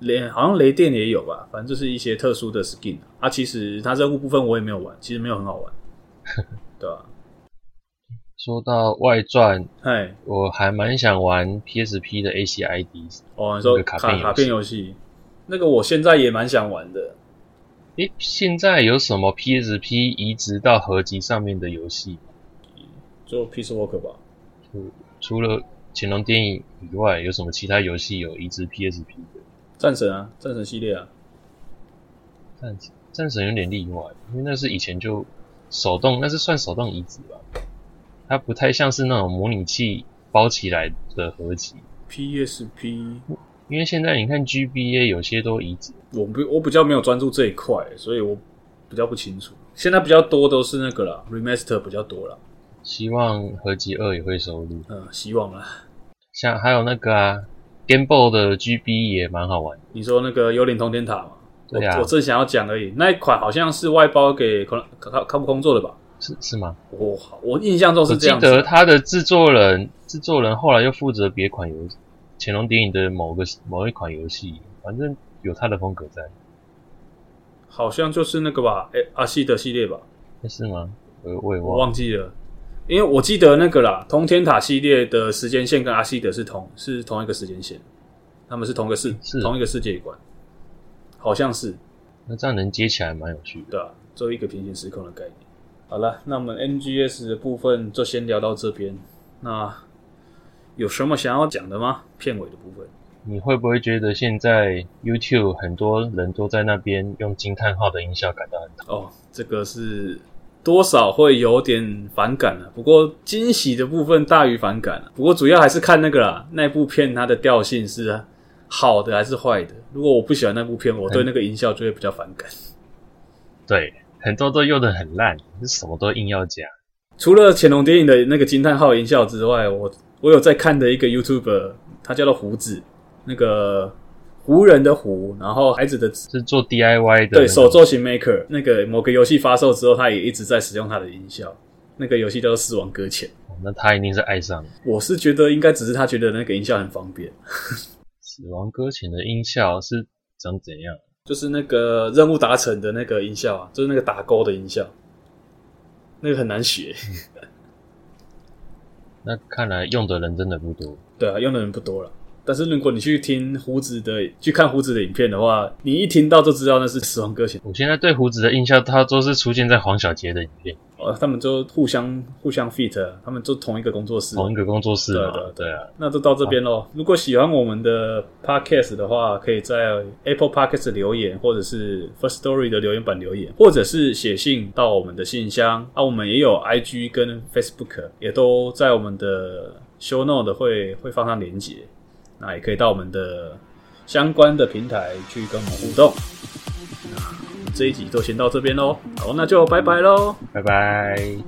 連，好像雷電也有吧，反正就是一些特殊的 Skin 啊。啊，其實它任務部分我也沒有玩，其實沒有很好玩， 對吧、啊？說到外傳，我還蠻想玩 PSP 的 ACID 哦，的卡、那個、卡片遊戲，那個我現在也蠻想玩的。哎、欸，現在有什麼 PSP 移植到合輯上面的遊戲？就 Peace Walker 吧。除除了潛龍諜影以外，有什麼其他遊戲有移植 PSP 的？戰神啊，戰神系列啊。戰戰神有點例外，因為那是以前就手動，那是算手動移植吧。它不太像是那種模擬器包起來的合集。PSP，因為現在你看 GBA 有些都移植，我比我比較沒有專注這一塊，所以我比較不清楚。現在比較多都是那個了，Remaster 比較多了。希望合集二也會收錄。嗯，希望啦。像還有那個啊，Game Boy 的 GB 也蠻好玩。你說那個幽靈通天塔嘛？對啊，我正想要講而已。那一款好像是外包給卡布空做的吧？是是嗎？我我印象中是這樣子。記得他的製作人，製作人後來又負責別款遊戲《潛龍諜影》的某個某一款遊戲，反正有他的風格在。好像就是那個吧，哎、欸，阿西德系列吧？是嗎？我我也忘，我忘記了，因為我記得那個啦，《通天塔》系列的時間線跟阿西德是同是同一個時間線，他們是同一個世同一個世界觀，好像是。那這樣能接起來蠻有趣的，對吧、啊，作為一個平行時空的概念。好了，那我們 MGS 的部分就先聊到這邊。那有什麼想要講的嗎？片尾的部分，你會不會覺得現在 YouTube 很多人都在那邊用驚嘆號的音效感到很？哦，這個是多少會有點反感了、啊。不過驚喜的部分大於反感了、啊。不過主要還是看那個啦，那部片它的調性是好的還是壞的？如果我不喜歡那部片，我對那個音效就會比較反感。嗯、對。很多都用的很爛，什麼都硬要加，除了潛龍諜影的那個驚嘆號音效之外，我我有在看的一個 YouTuber，他叫做胡子，那個胡人的胡，然後孩子的是做 DIY 的、那個，對，手作型 maker。那個某個遊戲發售之後，他也一直在使用他的音效。那個遊戲叫做《死亡擱淺》哦。那他一定是愛上了？我是覺得應該只是他覺得那個音效很方便。 死亡擱淺的音效是長怎樣？就是那個任務達成的那個音效啊，就是那個打勾的音效，那個很難學。 那看來用的人真的不多。對啊，用的人不多了。但是如果你去聽胡子的、去看胡子的影片的話，你一聽到就知道那是死亡歌選。我現在對胡子的印象，它都是出現在黃小杰的影片。哦，他們就互相互相 feat，他們就同一個工作室，同一個工作室的對對對，對啊。那就到這邊咯，啊。如果喜歡我們的 podcast 的話，可以在 Apple Podcast 的留言，或者是 Firstory 的留言板留言，或者是寫信到我們的信箱。啊，我們也有 IG 跟 Facebook，也都在我們的 show note 的會會放上連結。那也可以到我們的相關的平台去跟我們互動。 這一集就先到這邊嘍，好，那就拜拜嘍，拜拜。